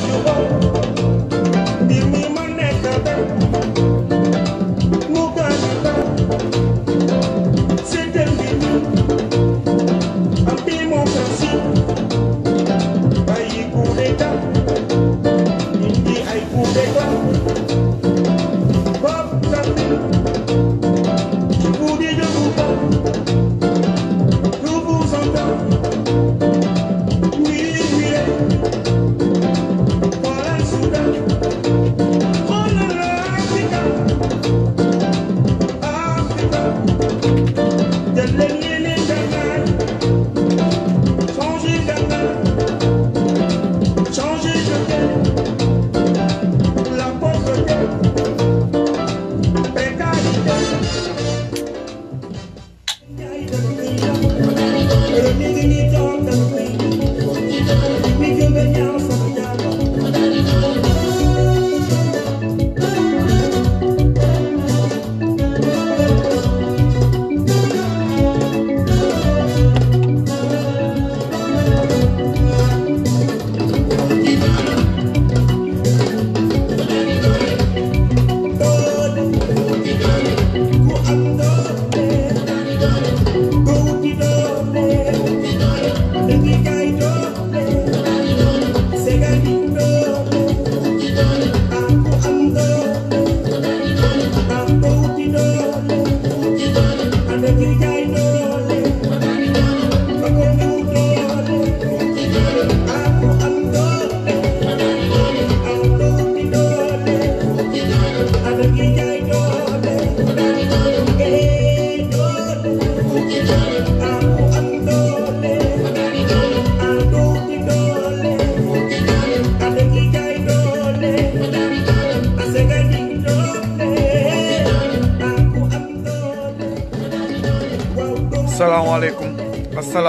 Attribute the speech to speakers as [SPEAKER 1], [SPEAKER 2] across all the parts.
[SPEAKER 1] you want.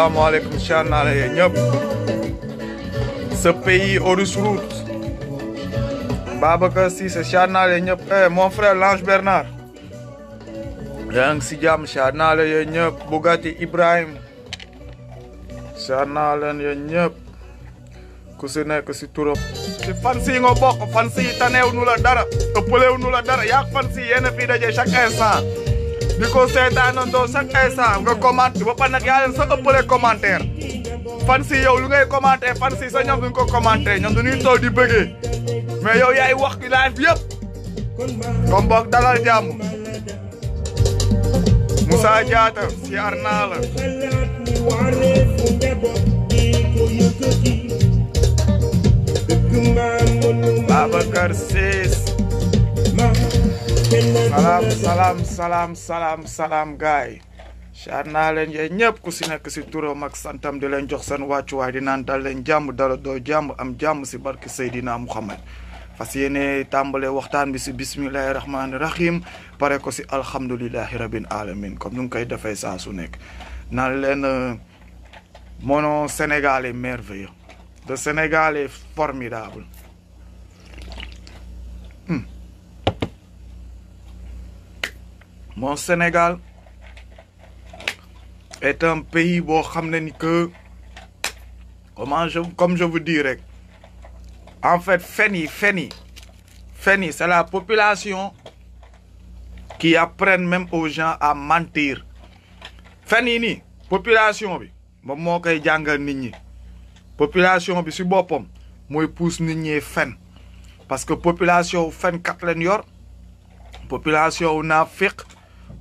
[SPEAKER 1] Assalamualaikum chers ñëpp ce pays orus routes Babacar si chers naa leen ñëpp eh mon frère Lange Bernard yang si jam chers naa leen Bugatti Ibrahim chers naa leen yéen ku si fancy ngobok fancy ci fan si nga bokk fan si fancy nu la dara ëppaleew nu la dara fan si fi chaque instant Because seetaanoon doo chaque instant nga commenté ba pare nag sa ëppalee commentaire fan si yow lu ngay commenté fan sa ñoom duñ ko commenté ñoom dañuy toog di dalal si ar Salam salam salam salam salam gay char len ye ñep ku si nek ci touro mak santam di len jox waccu way di naan dal leen dara do jamm am jamm ci barke sayidina Muhammad fasiyene tambale waxtan bi ci bismillahir rahmanir rahim pare ko ci alhamdulillahi rabbil alamin comme ñu koy defee sa su nek naan len eh, mono Sénégal e merveilleux de Sénégal e formidable mon Sénégal est un pays où que comment je comme je vous dirais? en fait fenni, c'est la population qui apprend même aux gens à mentir fenni, ni population bi moom koy population bi ci pousse nit parce que population fen kat population la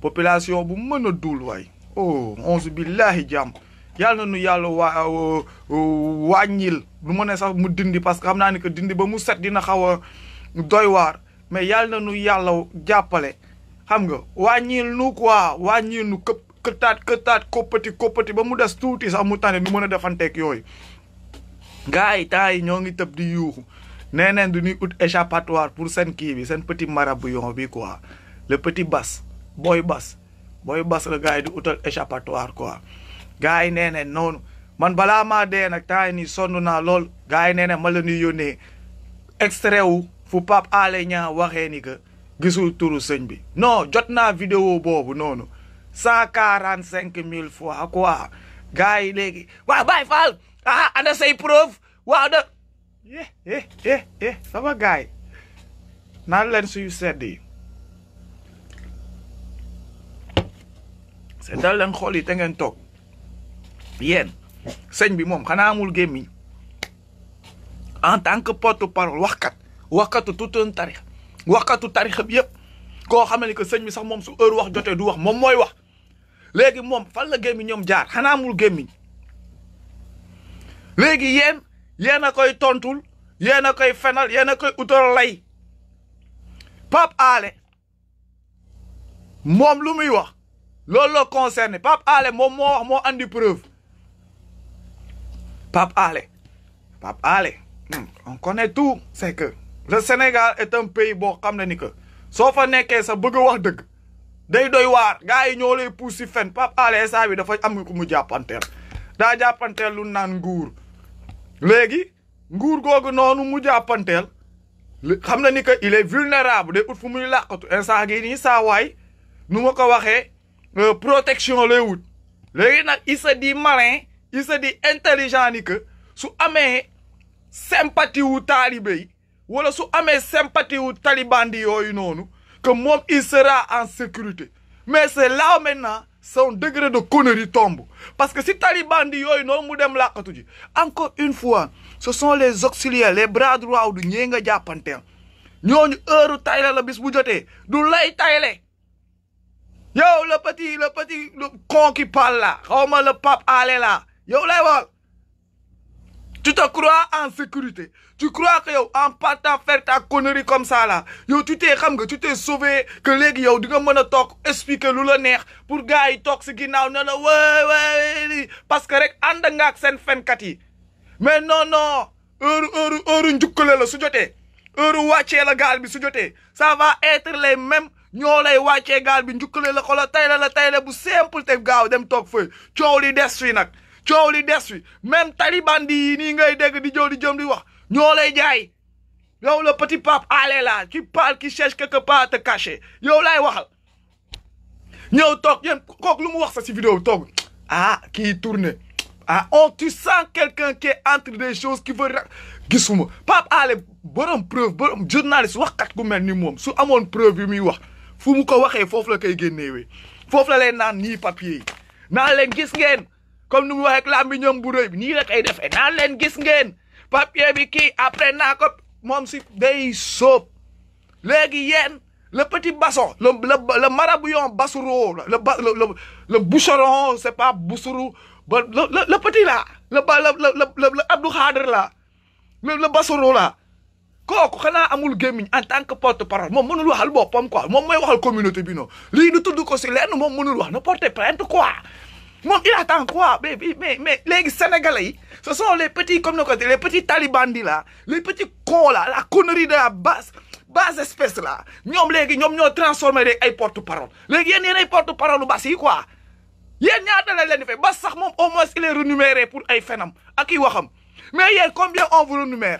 [SPEAKER 1] population bu meuna dul way oh onzu billahi jam yàlla na yalla wa wañil du meuna sax mu dindi parce que xamna ni que dindi ba mu set dina xawa doy war mais yàlla na yalla jappalé xam nga wañil nu quoi wañil nu ketat ko peti ko peti ba mu dess touti sax mu tané ni meuna a ak yoy gaay tay ngi di yuuxu nenen du ni ut échappatoire pour sen ki bi sen petit marabu yon bi quoi le petit bas booy bas booy bas la gars yi di utal échappatoire quoi gars yi nee ne noonu man balaa maa dee nag temps yi nii sonn naa lool gars yi nee ne ma la yónnee extrait wu fu Pape Alé Niang waxee ni que gisul turu sëñ bi non jot na vidéo boobu noonu cent quarante cinq mille fois quoi gars yi léegi waaw Baye Fall ah ana say preuve waaw da eh eh eh eh sama gars yi leen suyu sedd yi seen dal leen xool yi te ngeen toog yéen sëñ bi moom xanaa amul gémmiñ en tant que porte parole waxkat waxkatu tuutoon tarix waxkatu tarix bi yëpp koo xam ne que sëñ bi sax moom su heure wax jotee du wax moom mooy wax léegi moom fan la gémmiñoom jaar xanaa amul gémmiñ léegi yéen yéen a koy tontul yéen a koy fenal yéen a koy utal lay Pape moom lu muy wax loolu la concerné Pape Alé moom moo wax moo andi preuve Pape Alé Pape Alé hmm. on connaît tout c'est que le Sénégal est un boo xam ne ni que soo fa nekkee sa bëgg a wax dëgg day doy waar gars yi ñoo lay pousse si fen Pape Alé saa bi dafa am ku mu jàppanteel daa jàppanteel lu naan nguur léegi nguur googu noonu mu jàppanteel xam na ni que il est vulnérable de ut fu muy làqatu instant gi nii saa waay nu ma ko waxee Euh, protection lay wut léegi nag isa di dit malin di se ni que su amee sympathie wu taalibe yi wala su amee sempati wu talibandi yooyu noonu que moom il sera en sécurité mais c'est là maintenant son degré de connerie tomb parce que si talibandi yooyu noonu mu dem làqatu ji encore une fois ce sont les auxiliaires les bras droits du ñee nga jàppanteel ñooñu heure tayle la bis bu jotee du lay tayle Yo, le petit le petit le con qui parle là comment le pape allait là Yo, les vol tu te crois en sécurité tu crois que en partant faire ta connerie comme ça là Yo tu t'es tu t'es sauvé que les yo expliquer lu la pour gars ce n'a, la ouais parce que rek ànd ak seen fenkat yi mais non non heure heure heure la ça va être les mêmes lay bi la ko la bu simple te gaaw dem tok li fi même talibandi ni ngay dégg di jow di di wax le petit pape allez là tu parle qui cherche quelque part à te cacher yow lay waxal ñëw tok yéen ah qui tourne. ah on tu sens quelqu'un qui est entre des choses qui veut gisuma Pape pap borom preuve borom journaliste waxkat gu mel su amone preuve yi mi fu mu ko waxee foofu la koy génneewee foofu la leen naan nii papier yi naan leen gis ngeen comme ni mu bi ñoom bu rëy bi nii la kay defee naan leen gis ngeen papier bi kii après naa ko moom si day sóob léegi yen le baso basson le le le marabouillon bassoro le ba le le boucheron c'est pas boussuru ba kooku xana amul gaming, en tant que porte parole mom mënul waxal bopam quoi mom moy waxal communauté bi noonu lii du tudd ko si lenn mom mënul wax na porter plainte quoi mom il attend quoi mais mais mais légui sénégalais yi ce sont les petits comme na les petits talibandi là les petits cons là la connerie de la base base espèce là ñom légui ñom ñoo transformer rek ay porte parole légui yéen yéen ay porte parole bas yi quoi yéen ñaata la leen fay bas sax mom au moins il est rémunéré pour ay fenam ak yi waxam mais yéen combien on vous rémunère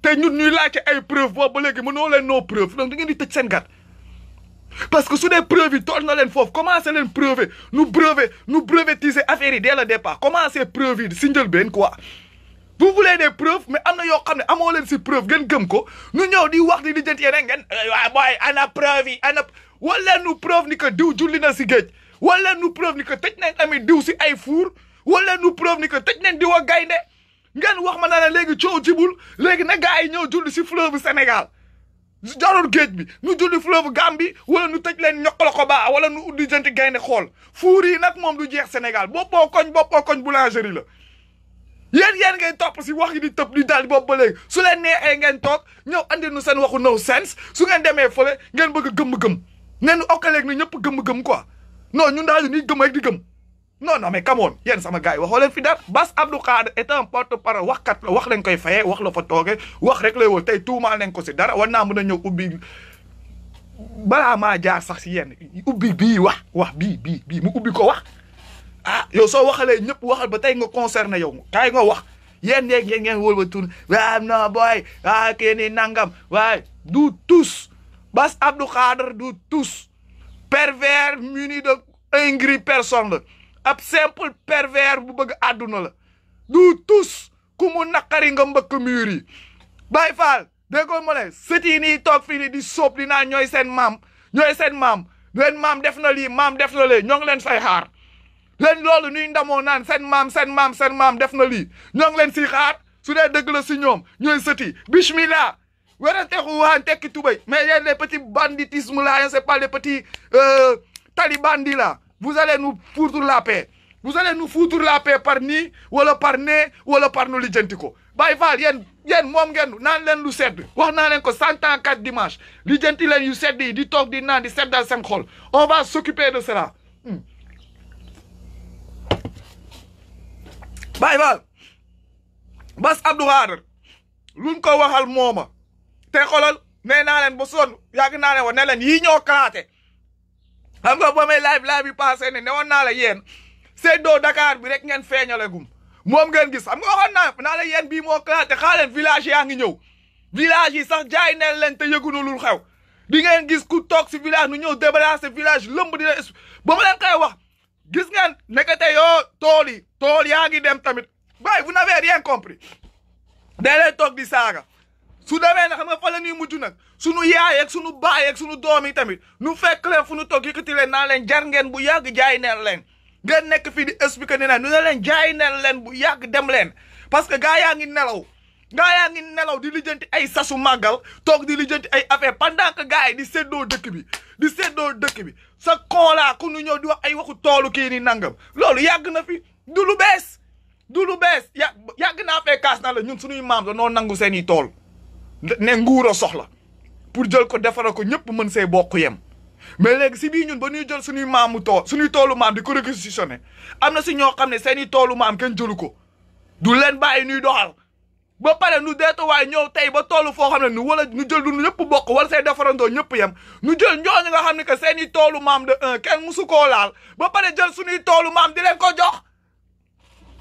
[SPEAKER 1] te ñun ñuy laajte ay preuve boobu ba léegi mënoo leen noo preuve donc da ngeen di tëj seen gat parce que su dee preuve yi toll na leen foofu commencé leen preuve nu breuve nu breuvetiser affaire yi dès le départ commencé preuve yi si ben quoi vous voulez des preuves mais am na yoo xam ne amoo leen si preuve ngeen gëm ko ñu ñëw di wax di lijjanti rek ngeen euh, waay booy ana preuve yi ana wala nu preuve ni que diw julli na si géej wala nu preuve ni que tëj nañ tamit diw si ay four wala nu preuve ni que tëj nañ diw a gaynde ngeen wax ma ne léegi coow jibul léegi na gaa yi ñëw julli si senegal Sénégal jarul géej bi nu julli fleuve Gambie wala nu tëj leen ñoqal ko baa wala nu uddi jënti gaynde xool fuur yi nag moom du jeex Sénégal boppoo koñ boppoo koñ boulangerie la. yéen yéen ngay topp si wax yi di tëb di daal boobu ba su leen neexee ngeen toog ñëw andi nu seen waxu no sense su ngeen demee fële ngeen bëgg gëmm-gëmm nee nu ok léegi ñëpp gëmm gëm quoi non ñun daal di nii gëmm rek di gëm non non mais come on sama gaay yi waxoo leen fi dara Bass Abdou Khadre est un porte-parole waxkat la wax lañ koy fayee wax la fa toogee wax rek lay woo tey tu tuumaal nañ ko si dara war naa mën a ñëw ubbi balaa maa sax si yenn ubbi bi wax wax bi bii bii mu ubbi ko wax ah yow soo waxalee ñëpp waxal ba tey nga concerné yow kaay nga wax yéen yeeg ngeen ngeen wóol ba tur waaw non booy waaw ah, kii nangam waaye du tous Bass Abdou Khadre du tous pervers muni de ingri personne ab simple pervers bu bëgg àdduna la du tus ku mu naqari nga mbëkk mur yi Baay Faal déggoo ma ne sët yi nii toog fii nii di sóob di naan ñooy seen maam ñooy seen maam leen maam def na lii maam def na lee ñoo ngi leen fay xaar leen loolu nuy ndamoo naan seen maam seen maam seen maam def na lii ñoo leen si xaar su dee dëgg la si ñoom ñooy sët yi bismillah werantexu waan tekki tubay mais yéen les petits banditisme là c'est pas les petits euh, talibandi là vous allez nous foutre la paix vous allez nous foutre la paix par ou wala par ou wala par nu lijjanti ko Baye Fall yéen yéen moom nan len leen lu sedd wax nan len ko cent ans quatre dimanche lijjanti len yu sedd yi di tok di nan, di dans 5 xol on va s'occuper de cela hmm. Baye Fall Bass Abdou Khadre luñ ko waxal moma. te xolal nee nan len ba sonn yàgg naa leen wax ne len yii ñoo kalaate xam nga ba may live live bi passé ne newoon naa la yéen seddoo Dakar bi rek ngeen feeñalegum moom ngeen gis xam nga waxoon naa naa bii moo classé xaaleen village yaa ngi ñëw village yi sax jaay neen leen te yëgunu lul xew di ngeen gis ku toog si village nu ñëw débarrassé village lëmb di leen ba ma leen koy wax gis ngeen nekkate yoo tool yi tool yaa ngi dem tamit waaye vous n'avez rien compris day leen toog di saaga su demee na xam nga fa la ñuy muju nak sunu yaay ak sunu baay ak sunu doomi tamit nu fekk leen fu nu tok yëkëti leen na leen jar ngeen bu yàgg jaay neel leen ngeen nekk fi di expliquer ne naan nu leen jaay neel leen bu yàgg dem leen parce que gaay yaa ngi nelaw gaay yaa ngi nelaw di lijeenti ay sasu magal tok di lijeenti ay affaire pendant que gaay di seddo dëkk bi di seddo dëkk bi sa koolaa ku ñu ñëw di wax ay waxu toolu kii ni nangam loolu yàgg na fi du lu bees du lu bees ya-, yàgg naa fee kaas na la ñun suñuy maam nangu seen i ne nguur a soxla pour jël ko defara ko ñëpp mën say bokk yem mais léegi si bii ñun ba ñuy jël maam mu too suñuy toolu maam di ko réquisitionné am na si ñoo xam ne seeni toolu maam kenn jëlu ko du leen bàyyi nuy doxal ba pare nu deetu waaye ñëw tey ba toolu foo xam ne nu wala nu jël du ñëpp bokk wala say defarandoo ñëpp yem nu jël ñooñu nga xam ne que seeni toolu maam de un kenn musu koo laal ba pare jël suñuy toolu maam di leen ko jox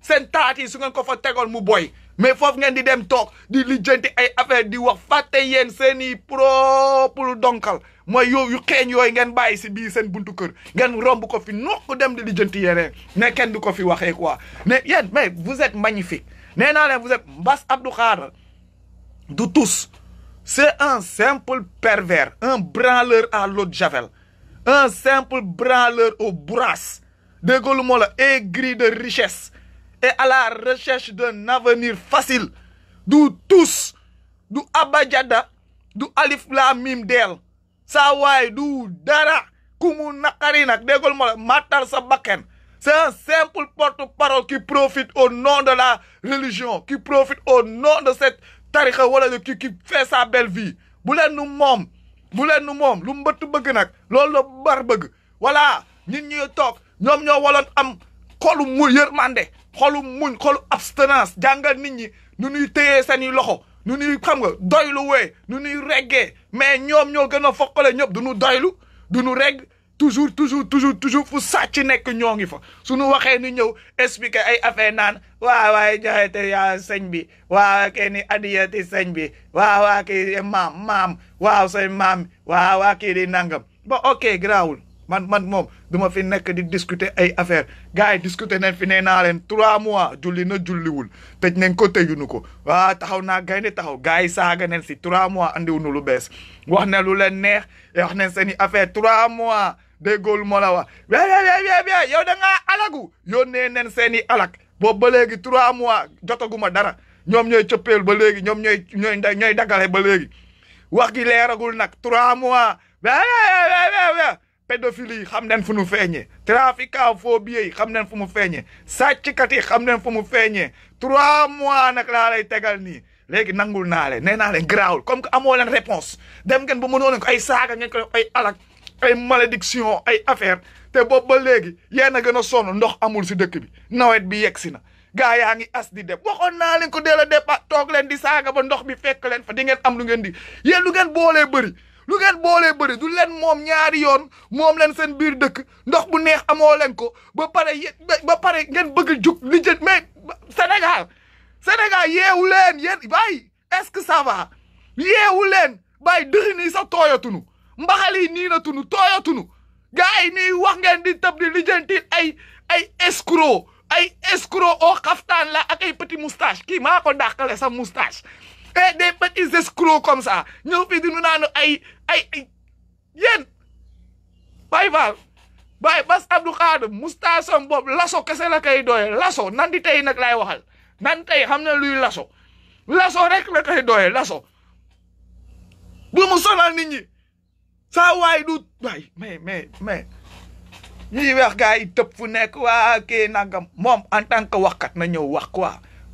[SPEAKER 1] sen tati su ngeen ko fa tegol mu boy mais fof ngeen di dem tok di lijjanti ay affaire di wax fàtte yéen seen i propre donkal moy yo yu xeeñ yooyu ngeen bàyyi ci bi sen buntu keur ngeen romb ko fi dem di ne ken du ko fi waxe quoi mais yéen mais vous êtes magnifique Ne, naa vous êtes Mbass Abdou Khadre tous c'est un simple pervers un branleur à l'eau de javel un simple branleur au brass De nga lu aigri de richesse et à la recherche d'un avenir facile. D'où tous, d'où Abadjada, d'où Alif Lamim Del, Sawaï, d'où Dara, Kumu Nakarinak, Matar Sabaken. C'est un simple porte-parole qui profite au nom de la religion, qui profite au nom de cette tariqa qui, qui fait sa belle vie. Boulen nous mom, boulen nous mom, l'umbatu begenak, l'olo barbeg. Voilà, nous nous xolu muñ xolu abstinence jàngal nit ñi nu ñuy téyee seeni loxo nu ñuy xam nga doylu wee nu ñuy reggee mais ñoom ñoo gën a foqale ñëpp du ñu doylu du ñu regg toujours toujours toujours toujours fu sàcc nekk ñoo ngi fa suñu waxee nu ñëw expliquer ay affaire naan waa waaye joxe te yaa sëñ bi waa kii ni adiyati sëñ bi waa waa kii maam maam waaw say maam waa nangam ba ok grawul man man mom duma fi nek di discuter ay affaire gaay discuter nañ fi nee naa leen trois mois julli na julli wul tej nañ ko tëjuñu ko wa taxaw naa gaynde taxaw gaay saaga nañ ci 3 mois andi wu nu lu bes wax ne lu len neex wax nañ seni affaire 3 mois de déggoolu moo la wax wee wee wee yow da nga alagu yónnee nañ seni alak bo ba léegi 3 mois jotaguma dara ñom ñoy cëppel ba léegi ñom ñoy ñoy ñoy dagalé ba léegi wax gi leeragul nak 3 mois wee wee wee wee pédophilie xam nañ fu mu feeñee traficophobie yi xam nañ fu mu feeñee kat yi xam nañ fu mu feeñee 3 mois nak la lay tegal ni, légui nangul na lé néna lé leen comme que amo leen réponse dem ngeen bu mënoo leen ko ay saga ngeen ko ay alak ay malédiction ay affaire te bo ba légui yéna gëna sonu ndox amul si dëkk bi nawet bi yegg na gaa ngi as di dem waxon na leen ko dee départ toog di saga ba ndox bi fekk leen fa di ngeen am lu ngeen di yéen lu ngeen bolé bëri lu ngeen boolee bëri du leen moom ñaari yoon moom leen seen biir dëkk ndox bu neex amoo leen ko ba pare ba pare ngeen bëgg a jug li jël senegal Sénégal Sénégal yeewu leen yéen bàyyi est-ce que ça va yeewu leen bàyyi dëxin yi sax tooyatunu mbaxal yi nii na tunu tooyatunu gars yi wax ngeen di tab di lijjanti ay ay escroc ay escroc au xaftaan la ak ay petit moustache kii maa ko dàqale sa moustache et eh, des petits escrocs comme ça ñëw fii di nu naan ay ay ay yéen Baye Fall Baye Bass Abdou Khadre mustaasam laso kese la koy doyee laso nan di tey nag laay waxal nan tey xam na luy laso laso rek la koy doyee laso bu mu sonal nit ñi saa waay du waay mais mais mais ñuy wax gars yi tëb fu nekk waa kii nangam moom en tant que waxkat na ñëw wax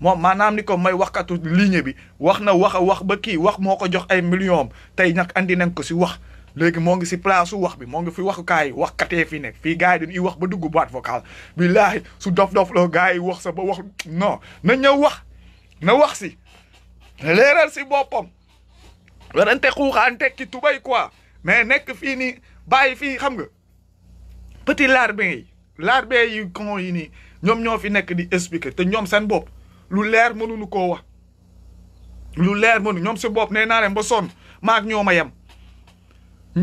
[SPEAKER 1] moom manam ni ko may waxkatu ligne bi wax na wax a wax ba ki wax moko jox ay millions tay ñak andi nañ ko ci wax léegi mo ngi si place su wax bi mo ngi fi wax waxkatee fi nekk fii gars yi i wax ba dugg boîte vocale billahi su dof-dof lo gaay wax sa ba wax non na ñew wax na wax si leeral si boppam werante xuuxaante ki tubay quoi mais nek fi ni bay fi xam nga petit larbin yi larbin yi kon yi ni ñom ñofi nek di expliquer te ñom sen bop lu leer mënuñu koo wax lu leer mënu ñoom si bopp nee naa leen ba sonn maag ñoom a yem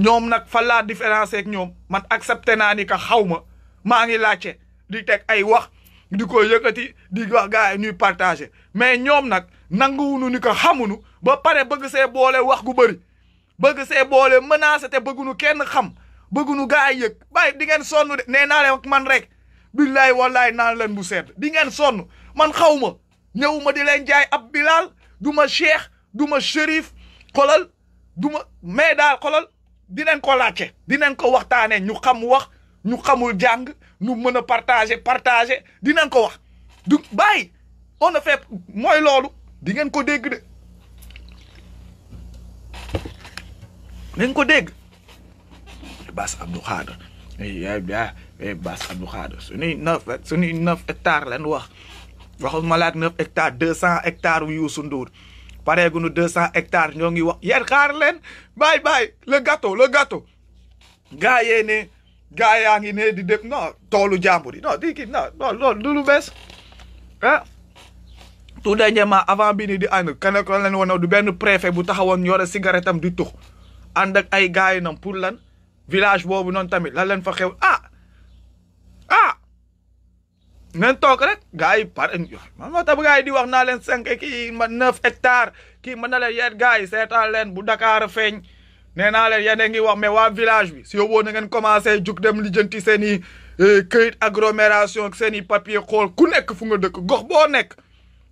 [SPEAKER 1] ñoom nag fa laa différencé ak ñoom man accepté naa ni que xaw ma maa ngi laajte di teg ay wax di ko yëkkati di wax gars yi ñuy partagé mais ñoom nag nanguwunu ni ko xamunu ba pare bëgg see boole wax gu bëri bëgg see boole menacé te bëggunu kenn xam bëggunu gars yi yëg bàyyi di ngeen sonn de nee naa man rek billaay wallaay naan leen bu seet di ngeen sonn man xaw ma ñewuma di len jaay ab bilal duma cheikh duma sherif xolal duma mais daal xolal len ko di len ko waxtané ñu xam wax ñu xamul jang ñu mëna partager partager di len ko wax du bay on a fait moy lolu di ngeen ko dégg de ngeen ko dégg Bass Abdou Khadre ya yaa Bass Abdou Khadre suni neuf suni neuf hectares lañ wax waxu laat neuf hectares deux cent hectares wu Youssou Ndour pareegunu deux cent hectares ñoo ngi wax yéen xaar leen bàyyi bàyyi le gâteau le gâteau yee ne yaa ngi ne di def non toolu jàmbur yi non di kii non non du lu bees ah tout dernièrement avant bi ni di ànd kenn ko leen woon du benn préfet bu taxawoon yore cigarette am di tux ànd ak ay gars yi nam pour lan village boobu noon tamit lan leen fa xew ah nan tok rek gars par eh, man moo tax gars di wax na len 5 ki ma budak hectares ki man la leen yéen setal len bu Dakar feñ nee naa leen ngi wax mais wa village bi si yo na ngeen commencer juk dem lijjanti eh, agglomération ak seni papier xol ku nek fu nga dekk gox bo nek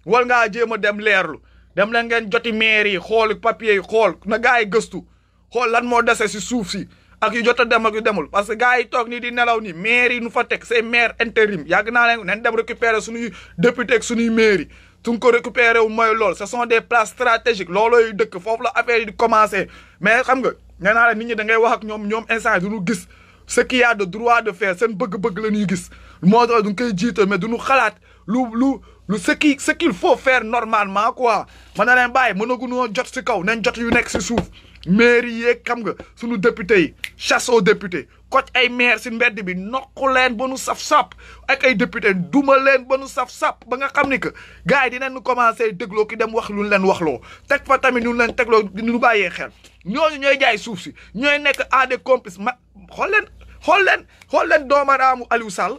[SPEAKER 1] wal nga jema dem leerlu dem ngeen joti mairie yi papier yi xool na gars geustu xol lan mo dese si suuf si ak yu jot dem ak yu demul parce que gars yi toog nii di nelaw ni maire yi nu fa tek c'est maire intérim yàgg naa leen nañ dem récupérer suñuy député ak suñuy maire tu ko récupérer wu mooy loolu ce sont des places stratégiques loloy deuk fofu la affaire di commencer mais xam nga nee naa la nit ñi da ngay wax ak ñom ñom instant yi duñu gis ce qui y a de droit de faire seen bëgg-bëgg la ñuy gis moo tax duñ koy jiital mais duñu xalat lu lu lu ce qui ce qu'il faut faire normalement quoi mën na leen bàyyi mënaguñoo jot ci kaw nañ jot yu nekk ci suuf maire yi xam nga sunu député yi chasse aux députés koj ay maire ci mbedd bi nokku len bonu saf-sap ak ay député duma len bonu saf-sap ba nga xam ni que gars yi dinañ commencé deglo ki dem wax len wax lo tek fa tamit ñu leen tegloo ñu baye xel ñooñu ñoy jaay suuf ci ñoy nek à des complices ma xool leen xool leen xool leen doomaraamu Aliou Sall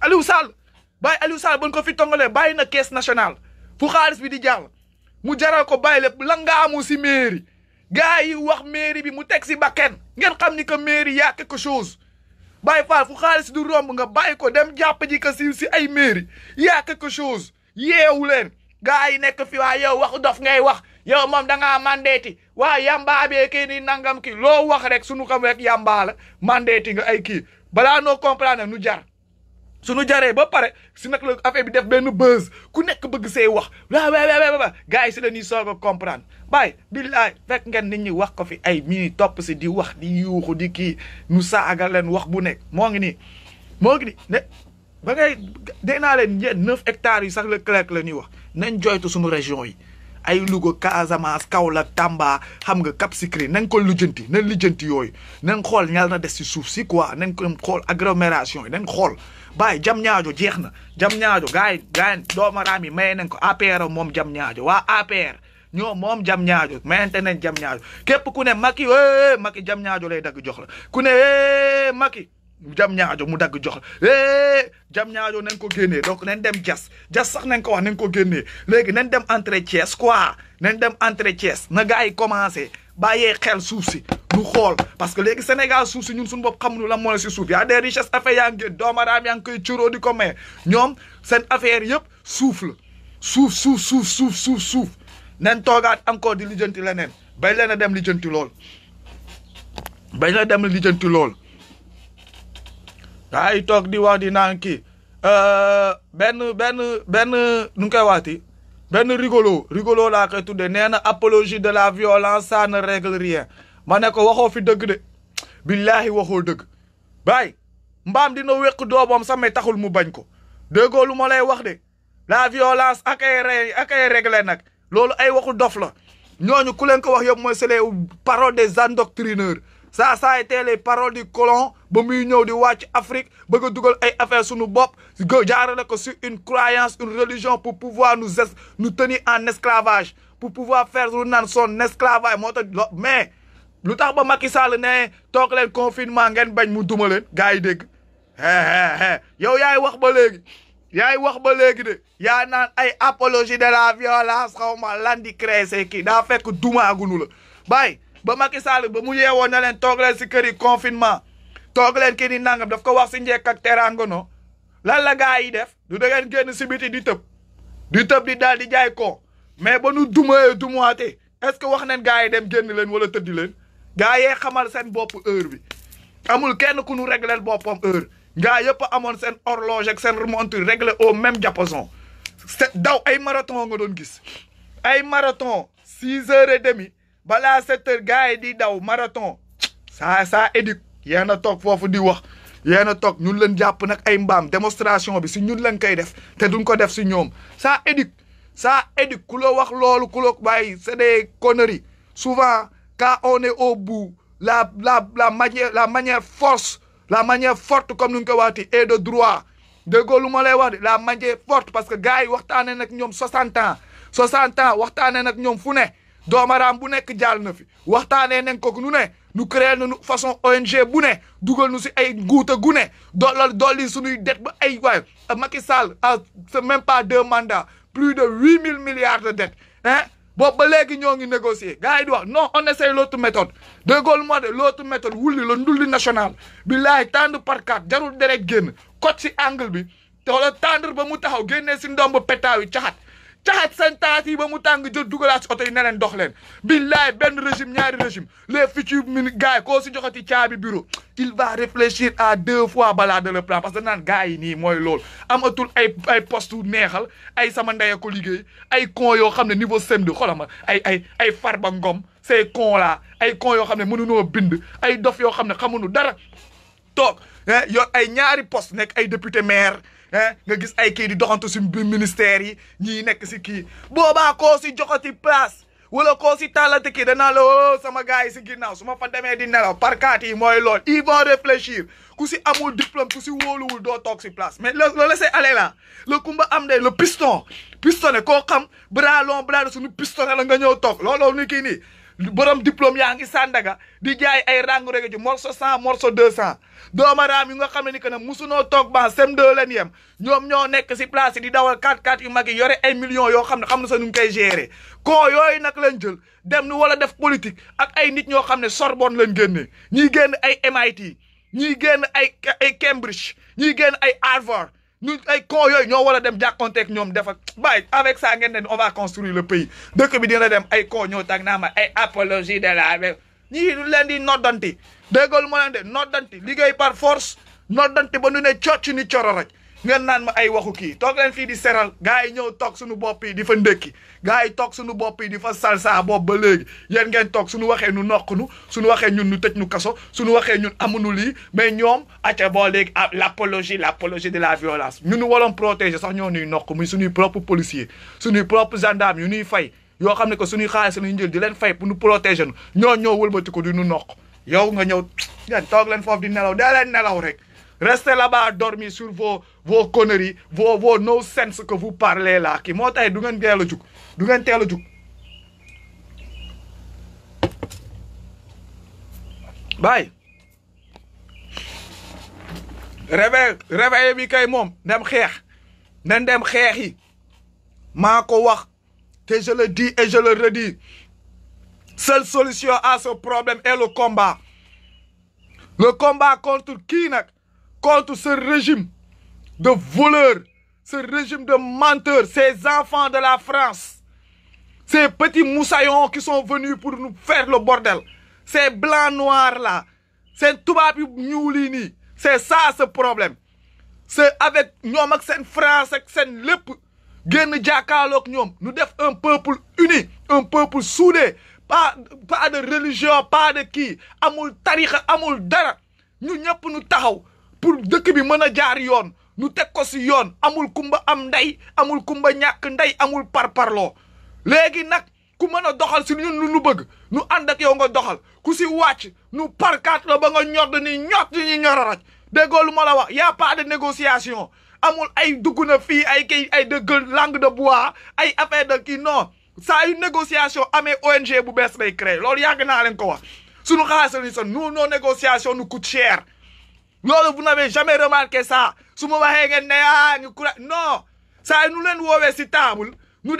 [SPEAKER 1] Aliou Sall bàyyi Aliou Sall ba ko fi tongalee bàyyi na caisse nationale fu xaaliss bi di jall mu jaral ko bàyyi le la nga amu ci mairie gars yi wax mairie bi mu teg si bakken ngeen xam ni que mairie y a quelque chose bàyyi faal fu xaalis du romb nga bàyyi ko dem jàpp ji que si si ay mairie y a quelque chose yeewu leen gars yi nekk fi waa yow waxu dof ngay wax yow moom da ngaa mandeeti waa yamba bee kii nangam ki loo wax rek sunu xam rek yamba la mandeeti nga ay kii balaa noo comprendre nu jar suñu jaré ba pare si nak la affaire bi def ben buzz ku nek bëgg sé wax wa wa wa wa gaay ci la ni soga comprendre bay billahi fek ngeen nit ñi wax ko fi ay mii top ci di wax di yuuxu di ki nu saaga len wax bu nek mo ngi ni mo ngi ni ne ba ngay dee naa 9 hectares yi sax le clerc la ni wax nañ joytu suñu région yi ay Louga Casamance Kaolack Tamba xam nga Cap Skirring nañ ko lijjanti lu lijjanti yooyu nañ xool ñal na des si suuf si quoi nañ ko xool agglomération yi nañ xool bàyyi jam ñaajo jeex na jam ñaajo gars yi gars yi doomaraam yi maye nañ ko APR moom jam ñaajo waa APR ñoo moom jam ñaajo mayente nañ jam ñaajo képp ku ne Macky eh, Macky jam ñaajo lay dag jox la ku ne eh, Macky jam ñaajo mu dagg jox eh jam ñaajo nañ ko génnee donc nañ dem jas jas sax nañ ko wax nañ ko génnee léegi nañ dem entrée Thiès quoi nañ dem entrée Thiès na gars yi commencé bàyyee xel suuf si ñu xool parce que léegi Sénégal suuf si ñun suñu bopp xamuñu la moo la si suuf yaa des richesses affaires yaa ngi doomaraam di ko may ñoom seen affaire yëpp suuf suuf suuf suuf suuf suuf suuf nañ toogaat encore di lijjanti leneen bay leen a dem lijjanti lool bay leen a dem lijjanti lool. ay toog di wax di naan kii euh, benn benn benn nu ngi koy waxati benn rigolo rigolo laa koy tuddee nee na apologie de la violence ça ne règle rien ne ko waxoo fi dëgg de billahi waxoo dëgg baay mbaam dina wéq doomam sax taxul mu bañ ko déggoo lu ma lay wax de la violence ak ay ak ay nag loolu ay waxu dof la ñooñu ku leen ko wax yëpp mooy c'est les paroles des endoctrineurs ça ça a été les paroles du colon de watch Watch di de Afrique bëgg a ay affaire suñu une croyance une religion pour pouvoir nous nous tenir en esclavage pour pouvoir faire son esclavage mais le tax ba Macky Sall ne toog le confinement ngeen bañ mu duma leen gars yi dégg yow yaay wax ba apologie de la violence ba Macky Sall ba mu yeewoon na leen toog leen si kër yi confinement toog leen kii nangam daf ko wax si njekk ak terangono lan la gaa yi def du da ngeen génn si biti di tëb di tëb di daal di jaay ko mais ba nu est-ce que wax nañ gaa yi dem génn leen wala tëddi leen gaa yee xamal seen bopp heure bi amul kenn ku nu régleel boppam heure pas yëpp amoon horloge ak seen montre au même diapason daw ay marathon nga doon gis ay marathon 6 heures et demi bala sept heures di daw marathon sa sa éduque yéen tok fofu di wax yéen tok ñun leen japp nak ay mbam démonstration bi si ñun lañ koy def té duñ ko def si ñom sa éduque sa éduque ku la wax lolu ku la bay c'est des conneries souvent quand on est au bout la la la manière la manière force la manière forte comme nous ko wati et de droit déggoo lu lay wax la manière forte parce que gaay waxtane nak ñom 60 ans 60 ans waxtane nak ñom fu ne doomaraam bu nekk jaal na fi waxtaanee nañ ko nu ne nu créé nañu façon ONG bu ne dugal nu si ay guuta gu ne doolal dolli suñuy dette ba ay waay Macky Sall a c'est même pas deux mandats plus de 8000 milliards de dettes hein boobu ba léegi ñoo ngi négocier gars yi di wax non on essaye l' autre méthode déggool moi de l' autre méthode wulli la ndulli national bi laay tendre par carte jarul deret génn code si angle bi te wala tendre ba mu taxaw génnee si ndomb pétaaw yi caxat caxat seen taat yi ba mu tàng jël dugalaat si oto yi ne dox leen billaay benn régime ñaari régime les futurs mini gars yi koo si joxati caabi bureau il va réfléchir à deux fois balaa de le plan parce que naan gars yi nii mooy loolu amatul ay ay poste neexal ay sama ndaye ko liggéey ay con yoo xam ne niveau sem de xolama ay ay ay farba ngom ces cons là ay con, yoo xam ne mënuñoo bind ay dof yoo xam ne xamuñu dara toog hein, yor ay ñaari poste nekk ay député maire nga gis ay kii di doxantu si biir ministère yi ñiy nekk si kii boobaa koo si joxati place wala koo si tàllante kii naa la woo oh, sama gars yi si ginnaaw su ma fa demee di nelaw parkaat yi mooy lool ils vont ku si amul diplôme ku si wóoluwul doo toog si place mais le laisser la là le kumba am de le piston pistonné koo xam bras long bras de suñu pistonné la nga ñëw toog looloo ni kii nii borom diplôme yaa ngi Sandaga di jaay ay rangu rege ji cent morceau deux cent doomaraam yu nga xam ne ni que ne musunoo toog ban sem deux leen yem ñoom ñoo nekk si place di dawal 4-4 yu mag yore ay millions yoo xam ne xam na sa nu ñu koy gérer koo yooyu nag leen jël dem nu wala def politique ak ay nit ñoo xam ne Sorbonne leen génnee ñiy génn ay MIT ñiy génn ay ay Cambridge ñiy génn ay Harvard ñu ay con yooyu ñoo war a dem jàkkoonteeg ñoom def ak bàyyi avec ça ngeen ne on va construire le pays dëkk bi dina dem ay con ñoo tag naa ma ay apologie de la ñii du leen di noddanti déggal moo leen de noddanti liggéey par force noddanti ba nu ne cocc ni coro rek ngeen naan ma ay waxu kii toog leen fii di seral gars yi ñëw toog suñu bopp yi di fa ndëkki gars yi toog suñu bopp yi di fa salsa bopp ba léegi yéen ngeen toog suñu waxee nu noq nu suñu waxee ñun nu tëj nu kaso suñu waxee ñun amuñu li mais ñoom aca boo léegi ah l' apologie l' apologie de la violence ñun waroon protéger sax ñoo nu noq muy suñuy propre policier suñuy propre gendarme yu ñuy fay yoo xam ne que suñuy xaalis suñuy njël di leen fay pour nu protéger nu ñoo ñoo wëlbati ko di nu noq yow nga ñëw ngeen toog leen foofu di nelaw dee nelaw rek Restez là-bas à dormir sur vos, vos conneries, vos, vos no-sense que vous parlez là. Qui et d'où le juk. le Bye. réveil réveil bi kay moom dem vous nañ yi ko wax je le dis et je le redis seule solution à ce problème est le combat le combat contre qui nak? contre ce régime de voleurs, ce régime de menteurs, ces enfants de la France, ces petits moussaillons qui sont venus pour nous faire le bordel, ces blancs noirs là, ces tout yu c'est ça ce problème c'est avec nous, avec cette France avec cette lep, nous devons un peuple uni un peuple soudé pas pas de religion pas de qui. amul tarixa amul dara nous devons ñu taxaw pour dëkk bi mën a jaar yoon ñu teg ko si yoon amul kumba am ndey amul kumba ñàkk ndey amul parparloo léegi nag ku mën a doxal si ñun lu nu bëgg nu ànd ak yow nga doxal ku si wàcc nu parkaat la ba nga ñor ni ñot ñi ñoraraj déggoo lu ma la wax y a pas de négociation amul ay dugg na fii ay kii ay dëgg langue de bois ay affaire de kii non saa yu négociation amee ONG bu bees lay créé loolu yàgg naa leen ko wax sunu xaalis la ni sa non non négociation nu coûte vous n'avez jamais remarqué ça ah, non Ça, nous l'avons leen sur table Nous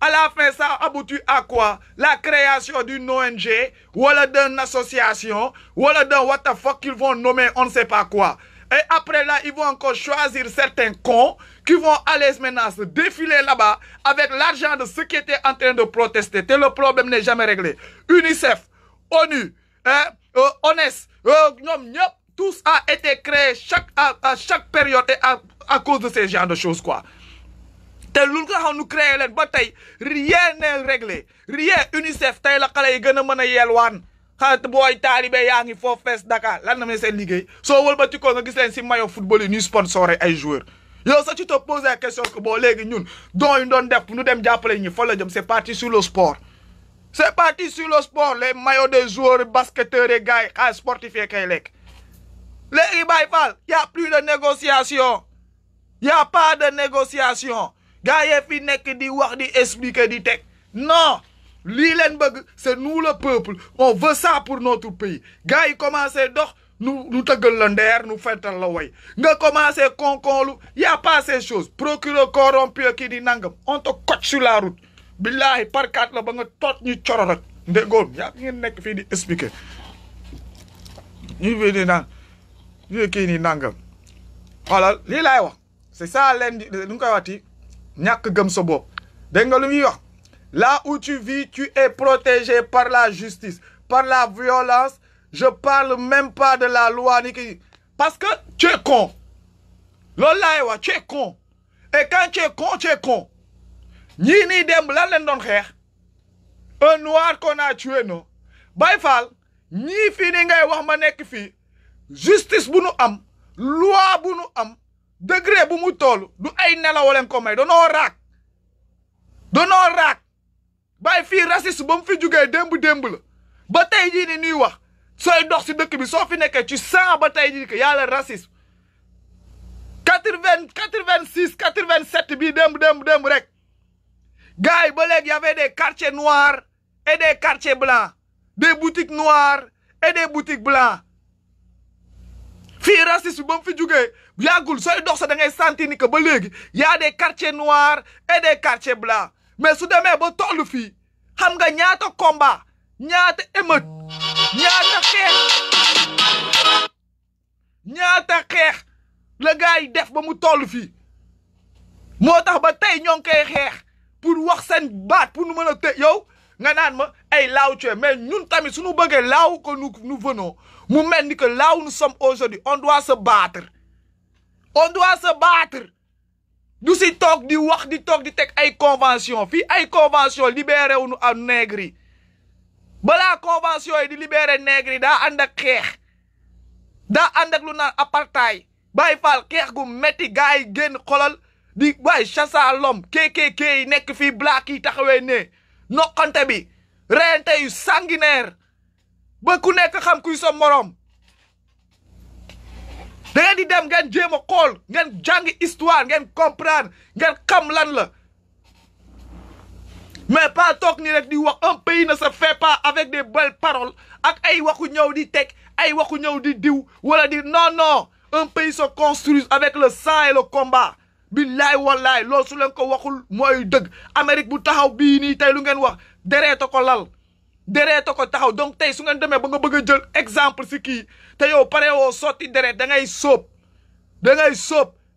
[SPEAKER 1] à la fin ça aboutit à quoi la création d'une ONG wala d'une association wala d'un what the fuck qu'ils vont nommer on ne sait pas quoi et après là ils vont encore choisir certains cons qui vont aller maintenant se défiler là-bas avec l'argent de ceux qui étaient en train de protester et le problème n'est jamais réglé UNICEF ONU hein, euh, ONES euh, tous à été créé chaque à, chaque période et à, cause de ces de choses quoi te lu nga xam nu créé leen ba tey rien n'est réglé rien UNICEF tey la xale yi gën a mën a yelwaan xaat booy taalibe yaa ngi foofu fees Dakar lan na ma seen liggéey soo wëlbati ko nga gis leen si maillot football yi ñuy sponsoré ay joueurs yow sax tu te poses la question que léegi ñun don yu doon def nu dem jàppale ñi fa la jëm c'est parti sur le sport c'est parti sur le sport les maillots des joueurs basketteurs et gars yi xaalis lekk Les Ibaïfal, il n'y a plus de négociation. Il n'y a pas de négociation. Gaye fi nek di wak di expliquer di tek. Non. c'est nous le peuple. On veut ça pour notre pays. Gaye commence donc nous nous gueuler nous fait la way. Nga commence concon Il y a pas ces choses. Procureur corrompu qui dit nangam. On te coche sur la route. Billahi par quatre la ba nga tot ñu ciororot. Ndegol, ya ngeen nek fi di expliquer. Ñu venu nan yooyu kii nii nangam xoolal lii laay wax c'est ça leen lu koy waxti ñàkk gëm lu wax là où tu vis tu es protégé par la justice par la violence je parle même pas de la loi ni ki parce que tu es con loolu laay tu es con et quand tu es con tu es con ñii ni démb lan leen un noir qu'on a tué non Baye Fall ñii ngay wax ma nekk justice bu am loi bu am degré bu mu toll du ay nelaw leen ko may rak do no rak bay fi raciste ba fi jugee demb demb la ba tey jii ni nuy wax soy dox ci deuk bi so fi ci 100 ba que racisme quatre vingt quatre vingt six demb demb rek gars ba y avait des quartiers noirs et des quartiers blancs des boutiques noires et des boutiques blancs fii racisme ba mu fi djougué yàggul soy dox sa da ngay sentir ni que ba légui ya des quartiers noirs et des quartiers blancs mais sou demee ba toll fi xam nga ñaata combat ñaata émeute ñaata xéx ñaata xéx le gars def ba mu toll fi motax ba tay ñoo kay xéx pour wax sen bat pour nu mën a yow nga naan ma ay laaw mais ñun tamit suñu bëggee laaw ko nous nous venons mu mel ni que là où nous sommes aujourd'hui on doit se battre on du si toog di wax di toog di teg ay convention fii ay convention libéré wuñu am nègre balaa convention yi di libéré nègre yi daa ànd ak xeex daa ànd ak lu naan apartheid bàyyi faal xeex gu métti gars yi génn xolal di waaye chasse à l'homme KKK yi nekk fii black yi taxawee ne noqante bi reyante yu sanguinaire ba ku nekk xam kuy sa moroom da di dem ngeen jéem a xool ngeen jàngi histoire ngeen comprendre ngeen xam lan la mais pas toog ni rek di wax un na sa se fait avec des belles paroles ak ay waxu ñëw di teg ay waxu ñëw di diw wala di non non un pays se construit avec le sang et le billaay wallaay loolu su leen ko waxul mooy dëgg Amérique bu taxaw bii nii tey lu ngeen wax dereeta ko lal dereto ko taxaw donc tay su ngeen demee ba nga bëgg jël exemple si ki te yow paré wo soti dereet da ngay sóob da ngay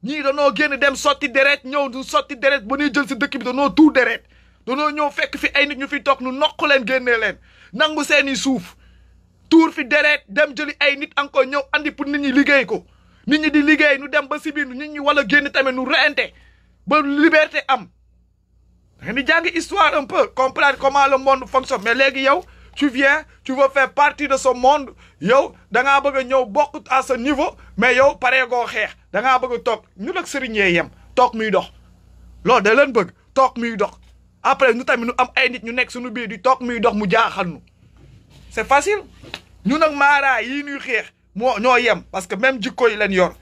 [SPEAKER 1] ñi da no génn dem soti dereet ñew du soti dereet bu ñu jël si dëkk bi danoo tuur da no ñew fekk fi ay nit ñu fi tok nu nokku leen génnee leen nangu seeni suuf tour fi dereet dem jëli ay nit encore ñew andi pour nit ñi liggéey ko nit ñi di liggéey nu dem ba sibi biir nit ñi wala génn tamé nu reyante ba liberté am da di histoire un peu comprendre comment le monde fonctionne mais léegi yow tu viens tu veux faire partie de ce monde yow da ngaa bëgg ñëw bokk à ce niveau mais yow paré go xex. da ngaa bëgg tok. ñu nak sëriñ yee yem toog muy dox loolu da leen bëgg tok muy dox après ñu tamit ñu am ay nit ñu nekk suñu biir di tok muy dox mu jaaxal c'est facile ñu nak mara yi ñuy xex mo ñoy yam parce que même jikko yi leen yor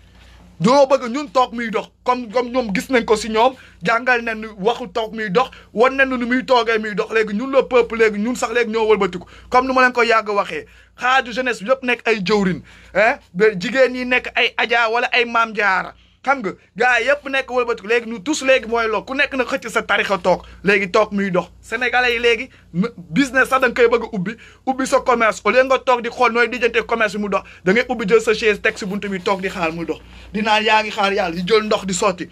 [SPEAKER 1] doo bëgg ñun toog muy dox comme comme ñoom gis nañ ko si ñoom jàngal nañ waxu toog miy dox wan nañ nu muy toogee muy dox léegi ñun le peuple léegi ñun sax léegi ñoo wëlbatiku comme nu ma leen ko yàgg waxee xaaju jeunesse bi nekk ay jëwrin ah jigéen ñi nekk ay Adja wala ay Maam Jaara xam nga gars yëpp nekk wëlbatiku léegi nu tous léegi mooy lool ku nekk na xëcc sa tarixa toog léegi toog muy dox sénégalais yi léegi business sa da nga koy bëgg ubbi ubbi sa commerce au lieu nga toog di xool nooy dijjante commerce bi mu dox da ngay ubbi jël sa chaise teg si buntu bi toog di xaar muy dox di naan yaa ngi xaar yàlla di jël ndox di sooti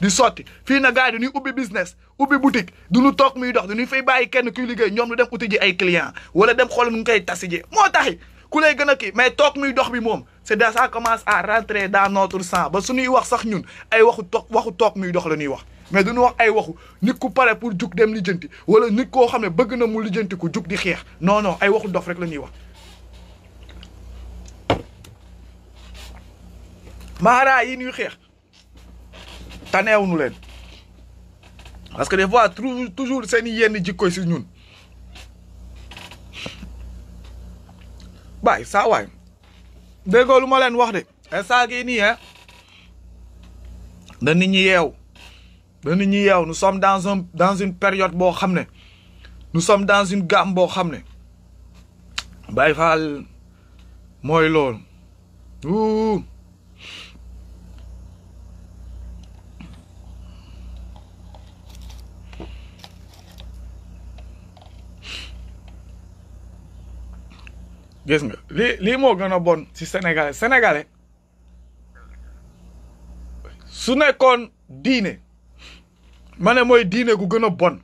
[SPEAKER 1] di sotti fii na gars yi dañuy ubbi business ubbi boutique du ñu toog muy dox dañuy fay bàyyi kenn kuy liggéey ñoom lu dem uti ji ay client wala dem xool koy tasi ji moo taxi ku lay gën a kii mais toog muy dox bi moom c'est est ça commence à rentrer dans notre sang ba suñuy wax sax ñun ay waxu tok waxu tok muy dox la ñuy wax mais duñu wax ay waxu nit ku paré pour juk dem lijjanti wala nit ko xam ne bëgg na mu lijjanti ku juk di xex non non ay waxu dof rek la ñuy wax mara yi ñuy tanéw ñu leen parce que des fois toujours seen yenn jikko ci ñun bay sa way déggoo lu ma leen wax de instant gii nii hein da nit ñi yeew da nit ñi dans un dans une période boo xam ne nous sommes dans une gamme boo xam ne Baye Fall mooy loolu gis nga lii lii moo gën a bon ci sénégalais sénégalais su nekkoon diine ma ne mooy diine gu gën a bon